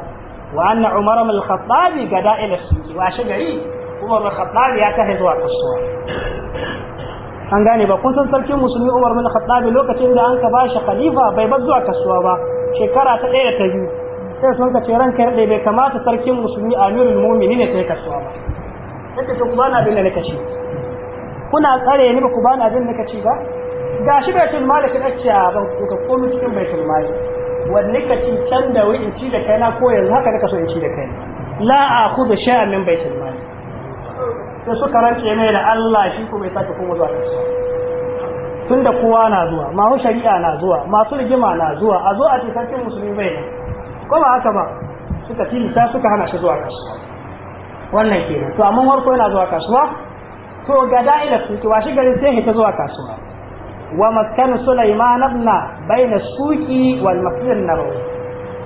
wa anna umar al khattabi gada ila suki wa shagari umar al khattabi ya tahi zuwa kasuwa an gane ba kun san sarkin musulmi umar al khattabi lokacin da an ka bashi khalifa bai bar zuwa kasuwa ba shekara ta ɗaya da ta biyu sai sun ka ce ranka yarda bai kamata sarkin musulmi amirul mu'minin ne ta kasuwa ba yadda ku bana abin da nake ci kuna tsare ni ba ku bana abin da nake ci ba ga shi baitul mali ka dace ban ko ka komi cikin tun mali wanne ka ci can da wuri in ci da kaina ko yanzu haka nika so in ci da kaina la da sha min tun mali sai suka rance mai da Allah shi ko bai sake kuma zuwa kasuwa da kowa na zuwa masu shari'a na zuwa masu rigima na zuwa a zo a ce sarkin musulmi bai nan ko ba haka ba suka ta suka hana shi zuwa kasuwa wannan kenan to amma warko yana zuwa kasuwa to ga da'ila su ki washi garin sai ta zuwa kasuwa ومكن سليمان ابن بين السوق والمسجد النبوي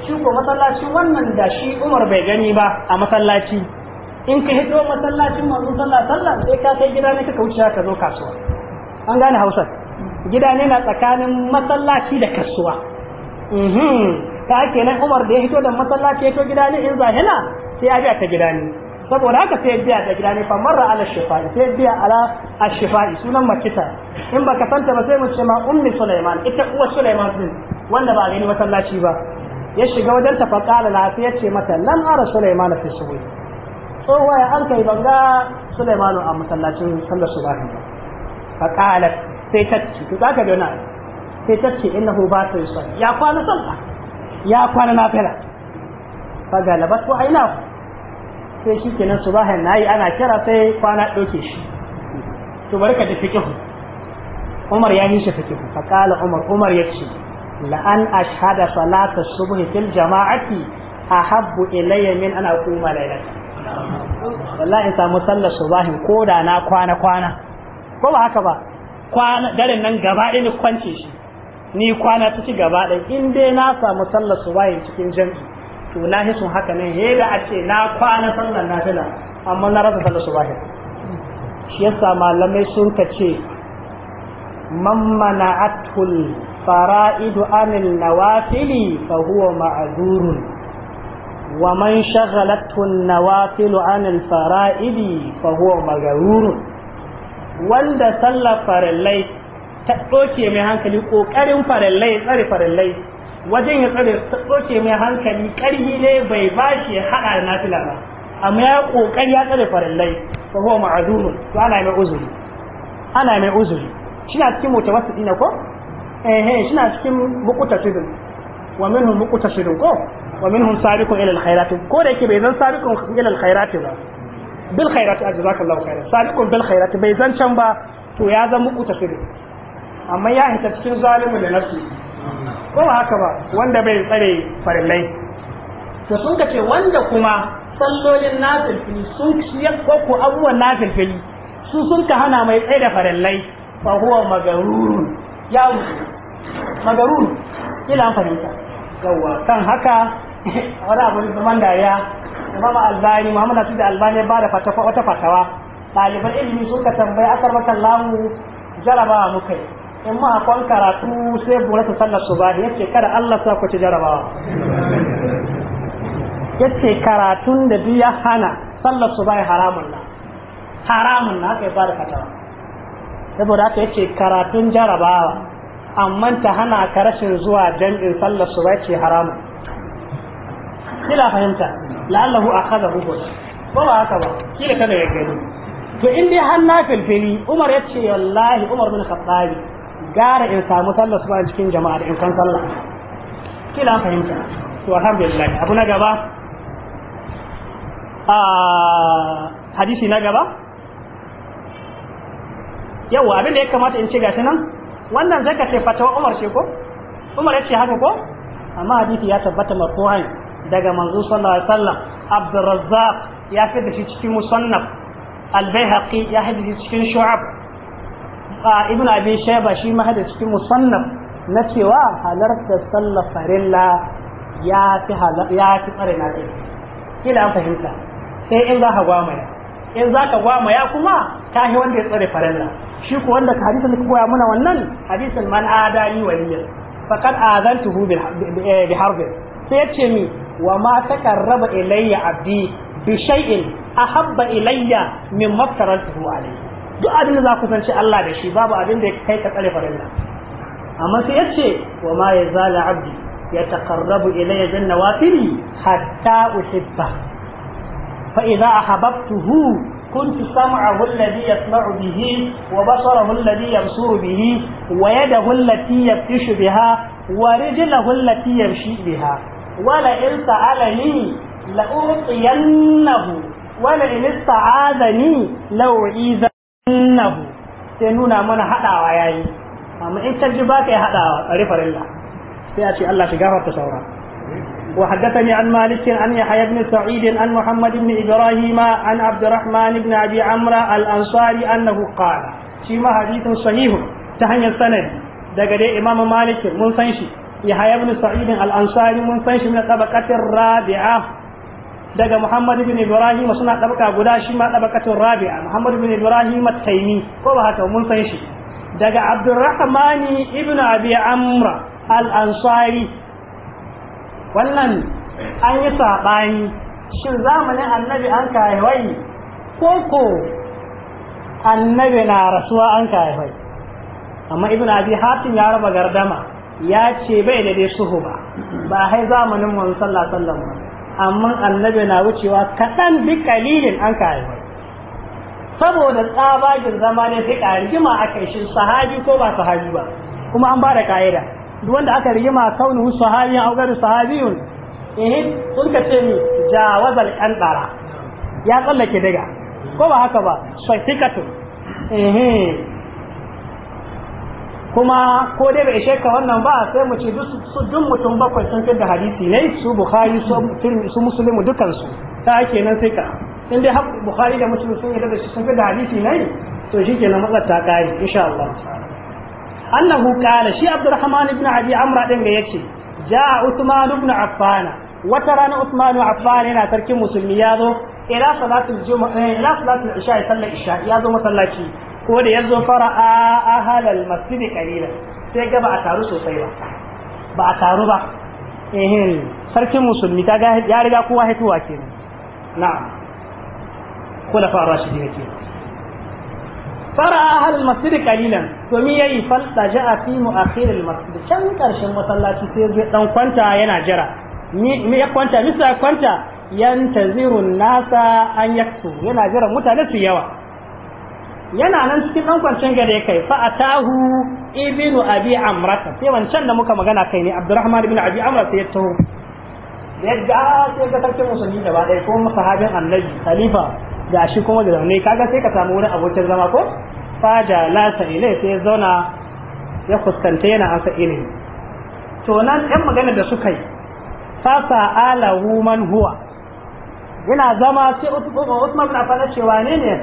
shi ko masallaci wannan da shi Umar bai gani ba a masallaci in ka hito masallacin manzo sallah sallah sai ka kai gida ne ka kauce ka zo kasuwa an gane Hausa gida ne na tsakanin masallaci da kasuwa mhm ta kenan Umar da ya hito da masallaci ya to gida ne in zahina sai ya bi ta gida ne saboda haka sai biya ta gida ne fa marra ala shifa'i sai biya ala ashifa'i sunan makita in baka santa ba sai mu ce ma ummi sulaiman ita uwa sulaiman din wanda ba gani masallaci ba ya shiga wajen ta faqala la sai ya ce mata lam ara sulaiman fi suwi tsohuwa ya an kai banga sulaiman a masallacin sallar subahi ba faqala sai ta ce to zaka ga na sai ta ce innahu ba ta yi ya kwana sallah ya kwana nafila fa galabat wa ainahu sai shi kenan su bahan na yi ana kira sai kwana ɗauke shi to bari ka tafi kihu umar ya yi shi kihu faƙala umar umar ya ce la'an ashhada salata subhi fil jama'ati ahabbu ilayya min ana kuma laylata wallahi samu sallar subahin da na kwana kwana ko ba haka ba kwana daren nan gaba ɗaya ni kwance shi ni kwana ta ci gaba ɗaya in dai na samu sallar subahin cikin jami'i to na hisun haka ne he ga a ce na kwana sallar nafila amma na rasa sallar ba shi shi yasa malamai sun ka ce man mana'atul fara'idu anil nawafili fa huwa ma'azurun wa man shaghalatu nawafilu anil fara'idi fa huwa maghrurun wanda sallar farillai ta ɗauke mai hankali ƙoƙarin farillai tsare farillai wajen ya tsare tsoke mai hankali karhi ne bai bashi ya haɗa da nafila ba amma ya kokari ya tsare farallai fa huwa ma'zurun to ana mai uzuri ana mai uzuri shina cikin wasu dina ko eh eh shina cikin muqtashidin wa minhum muqtashidin ko wa minhum sabiqun ila alkhairat ko da yake bai zan sabiqun ila alkhairat ba bil khairat jazakallahu khairan sabiqun bil khairat bai zan can ba to ya zan zama muqtashidin amma ya hita cikin zalimin da nafsi ko ba haka ba wanda bai tsare farillai to sun ka ce wanda kuma sallolin nafilfili sun ciyar ko ko abubuwan nafilfili su sun ka hana mai tsaye da farillai fa huwa magarurun ya magarurun kila an fahimta yawa kan haka wani abu zaman dariya imam albani muhammad nasir da albani ba da fatawa wata fatawa ɗaliban ilimi sun ka tambaya akar makan lamu jarabawa muka in ma kwan karatu sai bura ta sallar su ba ce kada Allah sa ku ci jarabawa ce karatun da duk ya hana sallar su ba haramun na haramun na haka kai bada fatawa saboda haka yace karatun jarabawa amma ta hana ka rashin zuwa jam'in sallar su ba ce haramun kila fahimta la'allahu akhadahu hukuman ba ba haka ba kila kada ya gani to in dai har na filfili Umar ce wallahi Umar bin Khattabi gara in samu sallar su cikin jama'a da in kan sallah kila fahimta to alhamdulillah abu na gaba a ah, hadisi na gaba yau abin da ya kamata in ce gashi nan wannan zaka ce fatawa Umar ce ko Umar ce haka ko amma hadisi ya tabbata marfu'an daga manzo sallallahu alaihi wasallam Abdurrazzaq ya fi da shi cikin musannaf al ya hadisi cikin Shu'ab ibn abi shayba shi ma da cikin musannaf na cewa halarta sallah farilla ya fi ya fi tsare na kila an fahimta sai in za ka gwama ya in za ka gwama ya kuma ta yi wanda ya tsare farilla shi ko wanda ka hadisin ka koya mana wannan hadisin man adani waliyan faqad azantuhu bi harbin sai ya ce mi wa ma taqarraba ilayya abdi bi shay'in ahabba ilayya mimma tarantuhu alayhi duk abin da za ku sanci Allah da shi babu abin da ya kai ka tsare farilla amma sai yace wa ma yazala abdi yataqarrabu ilayya bin nawafili hatta uhibba fa idza ahabbtuhu kuntu sam'ahu alladhi yasma'u bihi wa basarahu alladhi yabsuru bihi wa yadahu allati yabtishu biha wa rijluhu allati yamshi biha wala in sa'alani in innahu sai nuna mana hadawa yayi amma in ta ji ba kai hadawa tsare farilla sai a ce Allah shi gafarta saura wa haddathani an malik an yahya ibn sa'id an muhammad ibn ibrahim an abd alrahman ibn abi amra al ansari annahu qala shi ma hadithun sahih ta hanyar sanadi daga dai imam malik mun san shi yahya ibn sa'id al ansari mun san shi min tabaqatir rabi'a daga Muhammad ibn Ibrahim suna dabaka guda shi ma dabakatun Rabi'a Muhammad ibn Ibrahim at-Taymi ko ba haka mun san shi daga Abdurrahman ibn Abi Amra al-Ansari wannan an yi sabani shin zamanin Annabi an kai wai ko ko Annabi na rasuwa an kai wai amma ibn Abi Hatim ya raba gardama ya ce bai da dai suhu ba ba hai zamanin manzon sallallahu alaihi wasallam amma annabi na wucewa kaɗan bi kalilin an ka haifar saboda tsabagen zama ne sai ka rigima aka yi sahabi ko ba sahabi ba kuma an bada ka'ida duk wanda aka rigima kaunu sahabi au garu sahabiyun eh sun ka ce ni jawazal ya tsallake daga ko ba haka ba eh kuma ko dai bai shekka wannan ba sai mu ce duk mutum bakwai sun fitar da hadisi ne su bukhari su Musulmi dukansu ta ake nan sai ka in dai har bukhari da muslim sun yarda da shi sun fitar da hadisi ne to shikenan matsalar ta kai insha Allah annahu qala shi abdurrahman ibn abi amra din ga yace jaa usman ibn affan wata rana usman ibn affan yana sarkin musulmi yazo ila salatul juma'a eh, ila salatul isha sallar isha yazo masallaci ko da yazo fara'a ahalal masjid qalila sai ga ba a taru sosai ba ba a taru ba eh sarkin musulmi ta ga ya riga kowa hituwa kenan na'am kula fa rashidin kenan fara'a ahalal masjid qalilan to mi yayi falta ja'a fi mu'akhir al masjid can karshen masallaci sai ya dan kwanta yana jira mi ya kwanta misa kwanta yantazirun nasa an yaktu yana jira mutane su yawa yana nan cikin dan kwancen gare kai fa tahu ibnu abi amrata sai wancan da muka magana kai ne abdurrahman ibn abi amrata sai ya taho yadda sai ka sarkin musulmi gaba ɗaya ko sahabin annabi khalifa da shi kuma da zaune kaga sai ka samu wani abokin zama ko faja la sa'ile sai ya zauna ya fuskanta yana ansa ilimi to nan ɗan magana da suka yi fa sa'alahu man huwa yana zama sai Uthman bin Affan cewa ne ne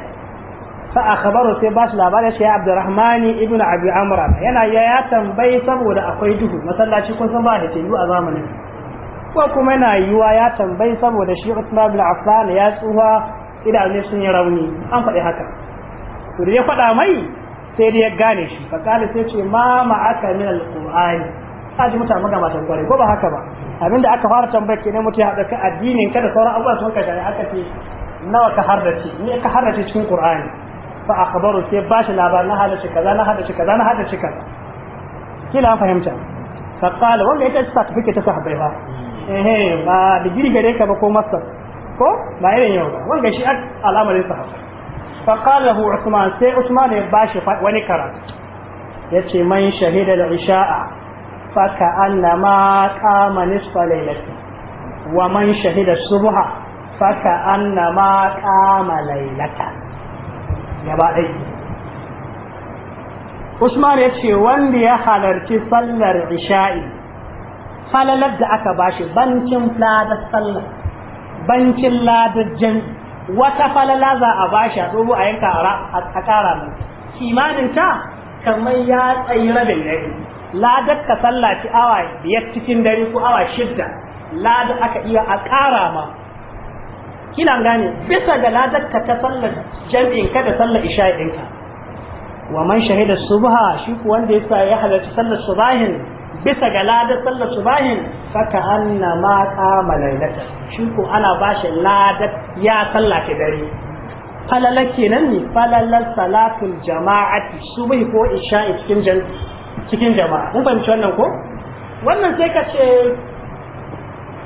fa akhbaru sai bashi labari shi Abdurrahman ibn Abi Amr yana ya tambayi saboda akwai duhu masallaci kun san ba da tayu a zamanin ko kuma yana yiwuwa ya tambayi saboda shi Uthman ibn Affan ya tsuwa idan sun yi rauni an faɗi haka to da ya faɗa mai sai dai ya gane shi fa kale sai ce ma ma'aka min alqur'ani ji mutane magana matan kware ko ba haka ba abinda aka fara tambayar kenan mutum ya haɗa ka addinin ka da sauran abubuwa sun ka shari'a aka ce nawa ka hardace ni ka hardace cikin qur'ani fa akhbaru sai ba shi labarin na hada shi kaza na hada shi kaza na hada shi kaza kila an fahimta fa qala wanda ita certificate ta sahabbai ba eh eh ba digiri gare ka ba ko master ko ba irin yau ba wanda shi al'amarin sahabbai fa qala hu usman sai usman ya ba shi wani karatu yace man shahida al-isha'a fa ka'annama qama nisfa laylati wa man shahida as-subha fa ka'annama qama laylata gaba ɗai usman ya ce wanda ya halarci sallar isha'i falalar da aka bashi bankin ladar sallar bankin ladar jan wata falala za a bashi a tsohu a yanka a ƙara mai kimanin ta kamar ya tsayi rabin dare ladar ka sallaci ci awa biyar cikin dare ko awa shidda ladar aka iya a ƙara ma kila gane bisa ga ladarka ta sallar jam'in ka da sallar isha'i ɗinka wa man shahida subha shi ku wanda yasa ya halarci sallar subahin bisa ga ladar sallar subahin faka anna ma qama lailata shi ku ana bashi ladar ya salla ta dare falala kenan ne falalar salatul jama'ati subhi ko isha'i cikin cikin jama'a mun fahimci wannan ko wannan sai ka ce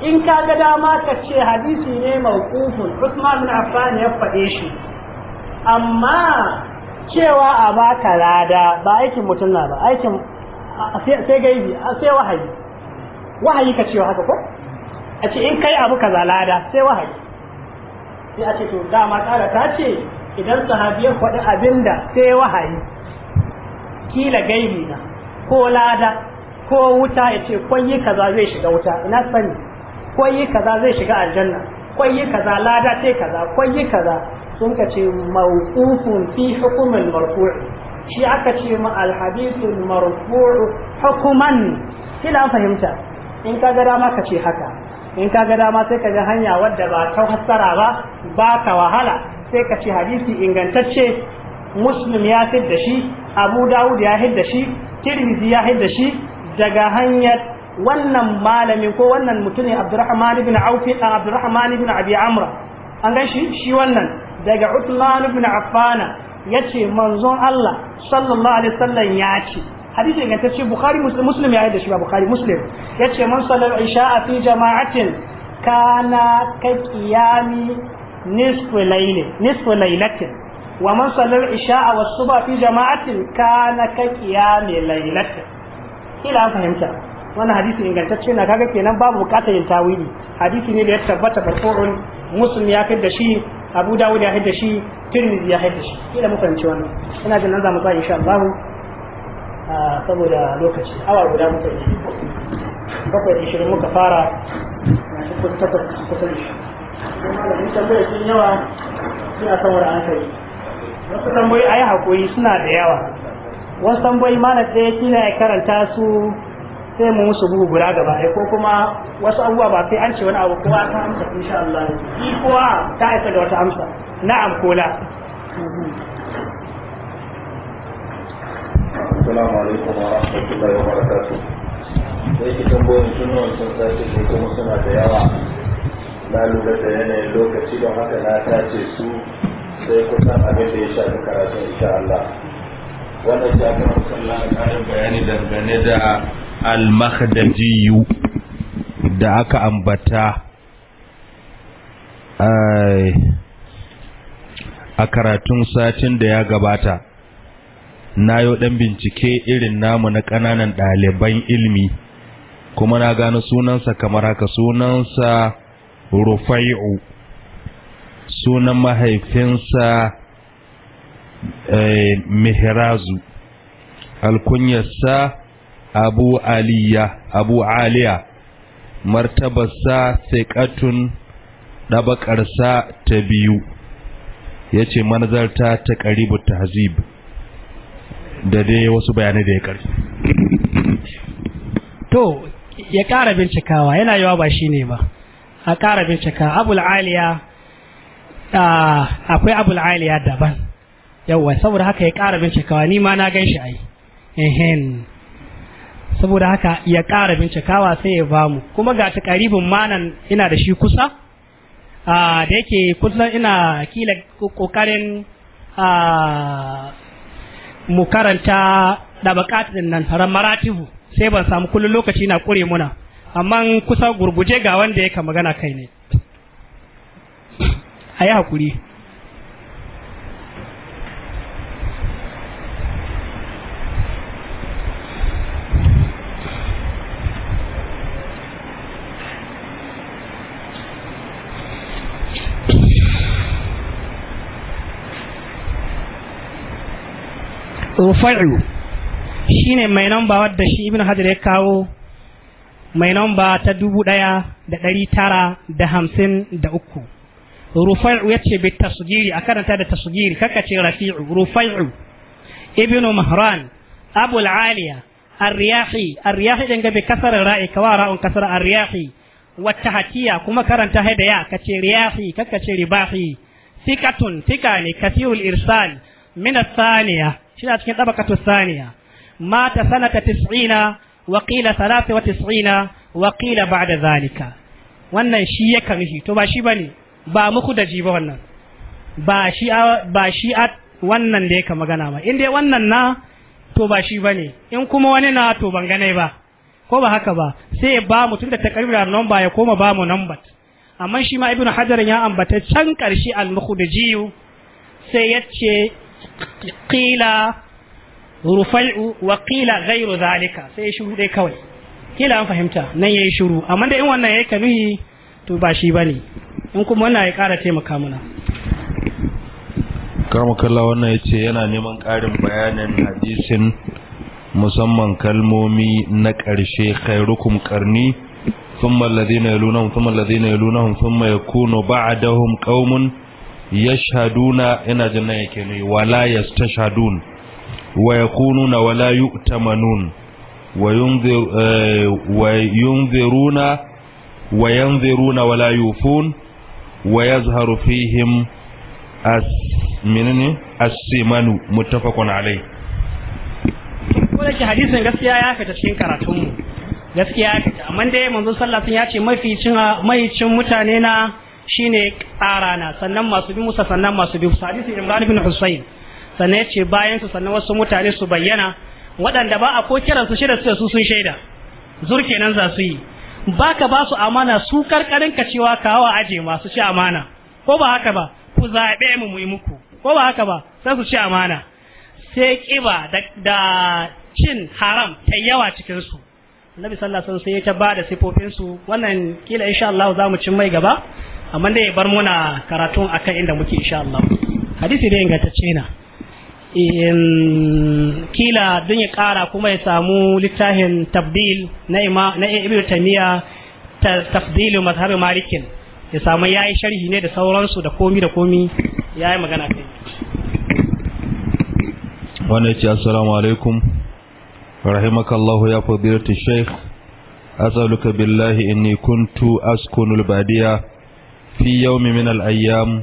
in ka ga dama ka ce hadisi ne mawqufun Usman bin Affan ya faɗe shi amma cewa a baka lada ba aikin mutum na ba aikin sai gaibi sai wahayi wahayi ka cewa haka ko a ce in kai abu kaza lada sai wahayi sai a ce to dama tsara ta ce idan sahabiyar faɗi abinda sai wahayi kila gaibi na ko lada ko wuta ya ce kwanyi kaza zai shiga wuta ina sani kwayi kaza zai shiga aljanna kwayi kaza lada ce kaza kwayi kaza sun ka ce mawqufun fi hukumin marfu'i shi aka ce ma alhadithul marfu'u hukuman kila fahimta in ka ga dama ka ce haka in ka ga dama sai ka ga hanya wadda ba ta fassara ba ba ka wahala sai ka ce hadisi ingantacce muslim ya fidda shi abu dawud ya hidda shi tirmidhi ya hidda shi daga hanyar wannan malamin ko wannan mutumin ne Abdurrahman ibn Auf dan eh, Abdurrahman ibn Abi Amr an ga shi shi wannan daga Uthman ibn Affan yace manzon Allah sallallahu alaihi wasallam ya ce hadisi ga tace Bukhari Muslim ya yadda shi ba Bukhari Muslim yace man sallal isha'a fi jama'atin kana ka qiyami nisfu layli nisfu laylatin wa man sallal isha'a was subha fi jama'atin kana ka qiyami laylatin ila fahimta wannan hadisi ingantacce na kaga kenan babu bukatar yin tawili hadisi ne da ya tabbata marfu'un muslim ya da shi abu dawud ya da shi tirmidhi ya da shi kila muka rinci wannan ina jin nan za mu tsaya insha Allah ah, saboda lokaci awa guda muka yi bakwai da shirin muka fara na shi kusa takwas kusan shi malamin tambaya sun yawa suna saboda an kai wasu tambayi a yi haƙuri suna da yawa wasu tambayi mana ɗaya kila ya karanta su sai mu musu buhu guda gaba ɗaya ko kuma wasu abubuwa ba sai an ce wani abu kowa ta amsa insha Allah shi kowa ta aika da wata amsa na'am ko la Assalamu alaikum wa rahmatullahi wa barakatuh sai ki tambayi sun nawa sun sace ne kuma suna da yawa na lura da yanayin lokaci don haka na tace su sai kusan abin da ya shafi karatun insha Allah wannan ya kuma sallah ƙarin bayani dangane da al-makhdajiyu da aka ambata a karatun satin da ya gabata na yau dan bincike irin namu na ƙananan ɗaliban ilmi kuma na gano sunansa kamar haka sunansa rufai'u sunan mahaifinsa eh, mihrazu alkunyarsa abu aliya abu aliya martabarsa sai katun ɗabaƙarsa ta biyu ya ce manazarta ta ƙaribu ta hazib da dai wasu bayanai da ya ƙarfi to ya ƙara bincikawa yana yawa ba shi ne ba a ƙara bincika abul aliya akwai abul aliya daban yawwa saboda haka ya ƙara bincikawa ni ma na gan shi a yi. saboda haka ya ƙara bincikawa sai ya ba mu kuma ga ta karibin manan ina da shi kusa da yake kusan ina kila ƙoƙarin mu karanta ɗabaƙatin nan ran maratihu sai ban samu kullum lokaci na ƙure muna amma kusa gurguje ga wanda ya ka magana kai ne a yi haƙuri rufa'u shi ne mai nan ba wadda ibn hajar ya kawo mai namba ta dubu ɗaya da ɗari tara da hamsin da uku rufa'u ya ce bi tasgiri a karanta da tasgiri kaka ce rafi'u rufa'u ibn mahran abu al'aliya arriyahi arriyahi ɗin gabi kasarar ra'i kawa ra'un kasarar arriyahi wata hakiya kuma karanta haida ya kace riyahi kaka ce ribahi fikatun fika ne kasirul irsal Mina as-saniya shi na cikin tabaqatu saniya mata sanata 90 wa qila 93 wa qila ba'da zalika wannan shi ya karshi to ba shi bane ba muku da ji ba wannan ba shi ba shi at wannan da yake magana ba in dai wannan na to ba shi in kuma wani na to ban ganai ba ko ba haka ba sai ya ba mu tunda takrirar number ya koma ba mu number amma shi ma ibnu hajar ya ambata can karshe al-mukhdijiyu sai yace qila rufai'u wa qila ghairu zalika sai shiru dai kawai kila an fahimta nan yayi shiru amma da in wannan yayi kanuhi to ba shi bane in kuma wannan ya kara taimaka mana Kalla wannan ya ce yana neman ƙarin bayanin hadisin musamman kalmomi na ƙarshe khairukum ƙarni ثم الذين يلونهم ثم yashhaduna ina jin nan yake ne wala yastashhadun wa yakununa wala yu'tamanun eh, wa yunziruna wa yanziruna wala yufun wa yazharu fihim as minani as-simanu muttafaqun alayh ko da ke hadisin gaskiya ya fita cikin karatunmu gaskiya ya fita amma dai manzon sallallahu alaihi wasallam ya ce mafi cin mutane na shine ƙarana sannan masu bi musa sannan masu bi hadisi imran ibn husayn sannan yace bayan su sannan wasu mutane su bayyana waɗanda ba a ko kiransu da su su sun shaida zur kenan za su yi baka ba su amana su karkarin ka cewa kawo aje masu ci amana ko ba haka ba ku zaɓe mu mu yi muku ko ba haka ba sai su ci amana sai kiba da cin haram ta yawa cikin su Annabi sallallahu alaihi wasallam sai ya ta bada sifofin su wannan kila insha Allah za mu cin mai gaba amma dai bar muna karatu akan inda muke insha Allah hadisi dai ingantacce na kila dun ya kara kuma ya samu littafin tabdil na ima na ibnu tamiya tafdil mazhab malikin ya samu yayi sharhi ne da sauransu da komi da komi yayi magana kai wannan ce assalamu alaikum rahimakallahu ya fadilatu shaykh as'aluka billahi inni kuntu askunul badiya في يوم من الأيام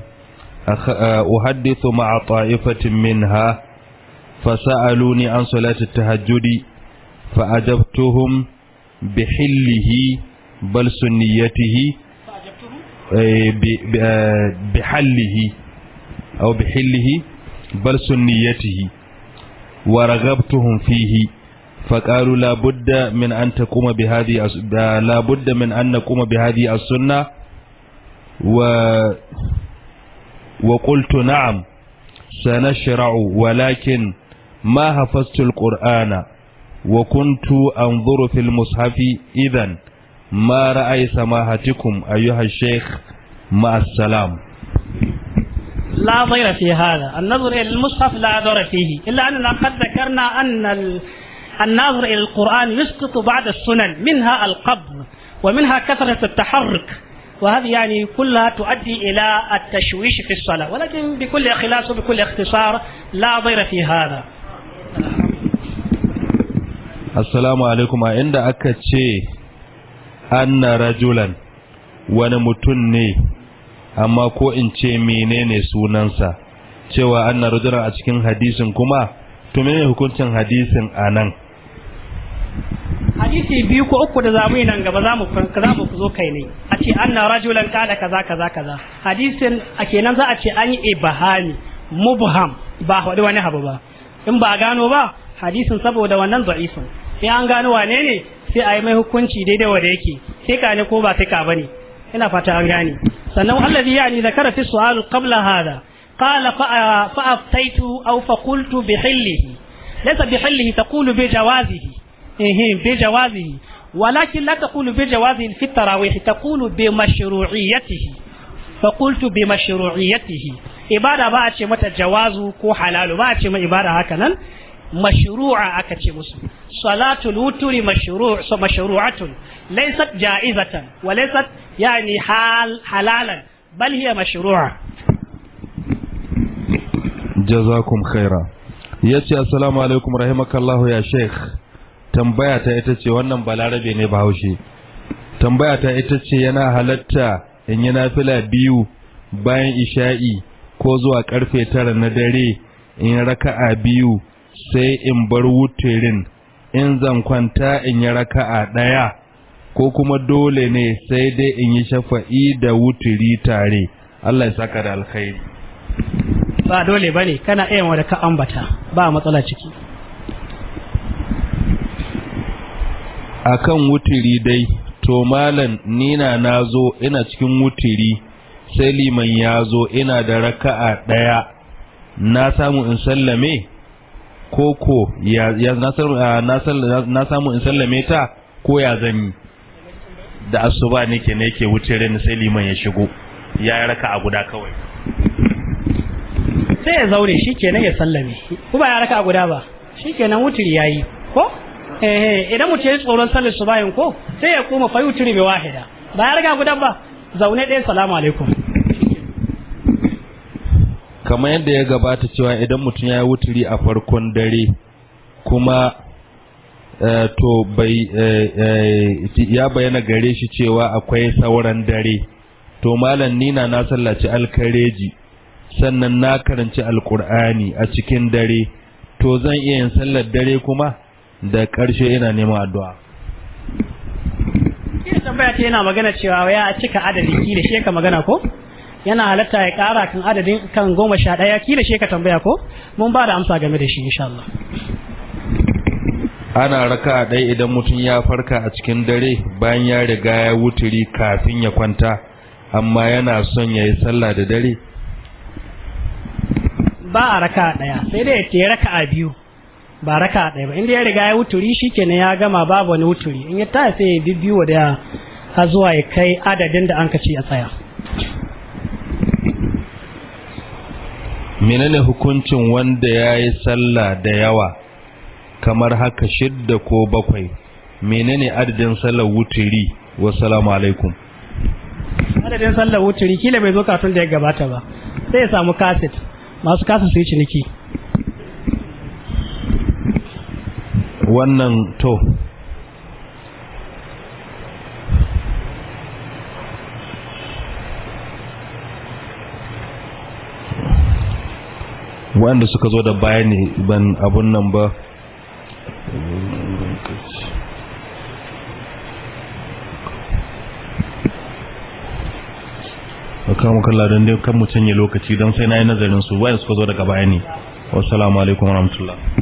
آه، أحدث مع طائفة منها فسألوني عن صلاة التهجد فأجبتهم بحله بل سنيته آه، بحله أو بحله بل سنيته ورغبتهم فيه فقالوا لا بد من أن تقوم بهذه لا بد من أن نقوم بهذه السنة و وقلت نعم سنشرع ولكن ما حفظت القرآن وكنت أنظر في المصحف إذا ما رأي سماحتكم أيها الشيخ مع السلام لا ضير في هذا النظر إلى المصحف لا ضير فيه إلا أننا قد ذكرنا أن الناظر إلى القرآن يسقط بعض السنن منها القبض ومنها كثرة التحرك وهذه يعني كلها تؤدي إلى التشويش في الصلاة ولكن بكل إخلاص وبكل اختصار لا ضير في هذا السلام عليكم عند أكتشي أن رجلا ونمتني أما كو إنشي منين سونانسا cewa anna rajulan a cikin hadisin kuma to menene hukuncin hadisin anan hadisi biyu ko uku da zamu yi nan gaba za mu zo kai ne a ce anna rajulan kada kaza kaza kaza hadisin a kenan za a ce an yi ibhami mubham ba haɗu wani abu ba in ba gano ba hadisin saboda wannan da'isin sai an gano wane ne sai a yi mai hukunci daidai wanda yake sai ka ne ko ba sai ka bane ina fata an gane sannan alladhi yani zakara fi su'al qabla hada qala fa aftaitu aw fa qultu bi hillihi laysa bi hillihi taqulu bi jawazihi إيه، بجوازه ولكن لا تقول بجوازه في التراويح تقول بمشروعيته فقلت بمشروعيته عبادة بعد ما تجوازه كو حلال بعد ما عبادة هكذا مشروع أكتش مسلم صلاة الوتر مشروع مشروعة ليست جائزة وليست يعني حال حلالا بل هي مشروعة جزاكم خيرا يسي السلام عليكم رحمك الله يا شيخ tambaya ta ita ce wannan balarabe ne bahaushe tambaya ta ita ce yana halatta in yi nafila biyu bayan isha'i ko zuwa karfe tara na dare in raka'a biyu sai in bar wuturin in zan kwanta in yi raka'a ɗaya ko kuma dole ne sai dai in yi shafa'i da wuturi tare Allah ya saka da alkhairi ba dole bane kana iya da ka ambata ba matsala ciki akan wutiri dai to malam nina na ina cikin wutiri sai liman ya zo ina da raka'a daya na samu in sallame koko ya, ya na samu in sallame ta ko ya zani da asuba nake nake wutirin sai liman ya shigo ya yi raka'a guda kawai sai ya zaure shikenan ya sallame ko ba ya raka'a guda ba shikenan wutiri yayi ko eh idan mutum ya tsoron sallar su bayan ko sai ya koma fa yutri bi wahida ba ya riga gudan ba zaune ɗaya salamu alaikum kamar yadda ya gabata cewa idan mutum ya yi wuturi a farkon dare kuma eh, to bai eh, eh, ya bayyana gare shi cewa akwai sauran dare to malam nina na sallaci alkareji sannan na karanci alkur'ani a cikin dare to zan iya yin sallar dare kuma da ƙarshe ina neman addu'a kina tambaya ce yana magana cewa ya cika adadi kila shi ka magana ko yana halatta ya ƙara kan adadin kan goma sha ɗaya kila shi ka tambaya ko mun ba da amsa game da shi insha Allah ana raka ɗaya idan mutum ya farka a cikin dare bayan ya riga ya wuturi kafin ya kwanta amma yana son ya yi sallah da dare ba a raka ɗaya sai dai ya raka a biyu ba raka ɗaya ba inda ya riga ya wuturi shi kenan ya gama babu wani wuturi in ya taya sai ya bibbiyo da ya zuwa ya kai adadin da an ka a tsaya menene hukuncin wanda ya yi sallah da yawa kamar haka shidda ko bakwai menene adadin sallar wuturi wasalamu alaikum adadin sallar wuturi kila bai zo kafin da ya gabata ba sai ya samu kaset masu kaset su yi ciniki wannan to waɗanda suka zo da baya ne ban abun nan ba kan kalla don dai kan mu canye lokaci don sai na yi nazarin su waɗanda suka zo daga baya ne wasu alaikum warahmatullahi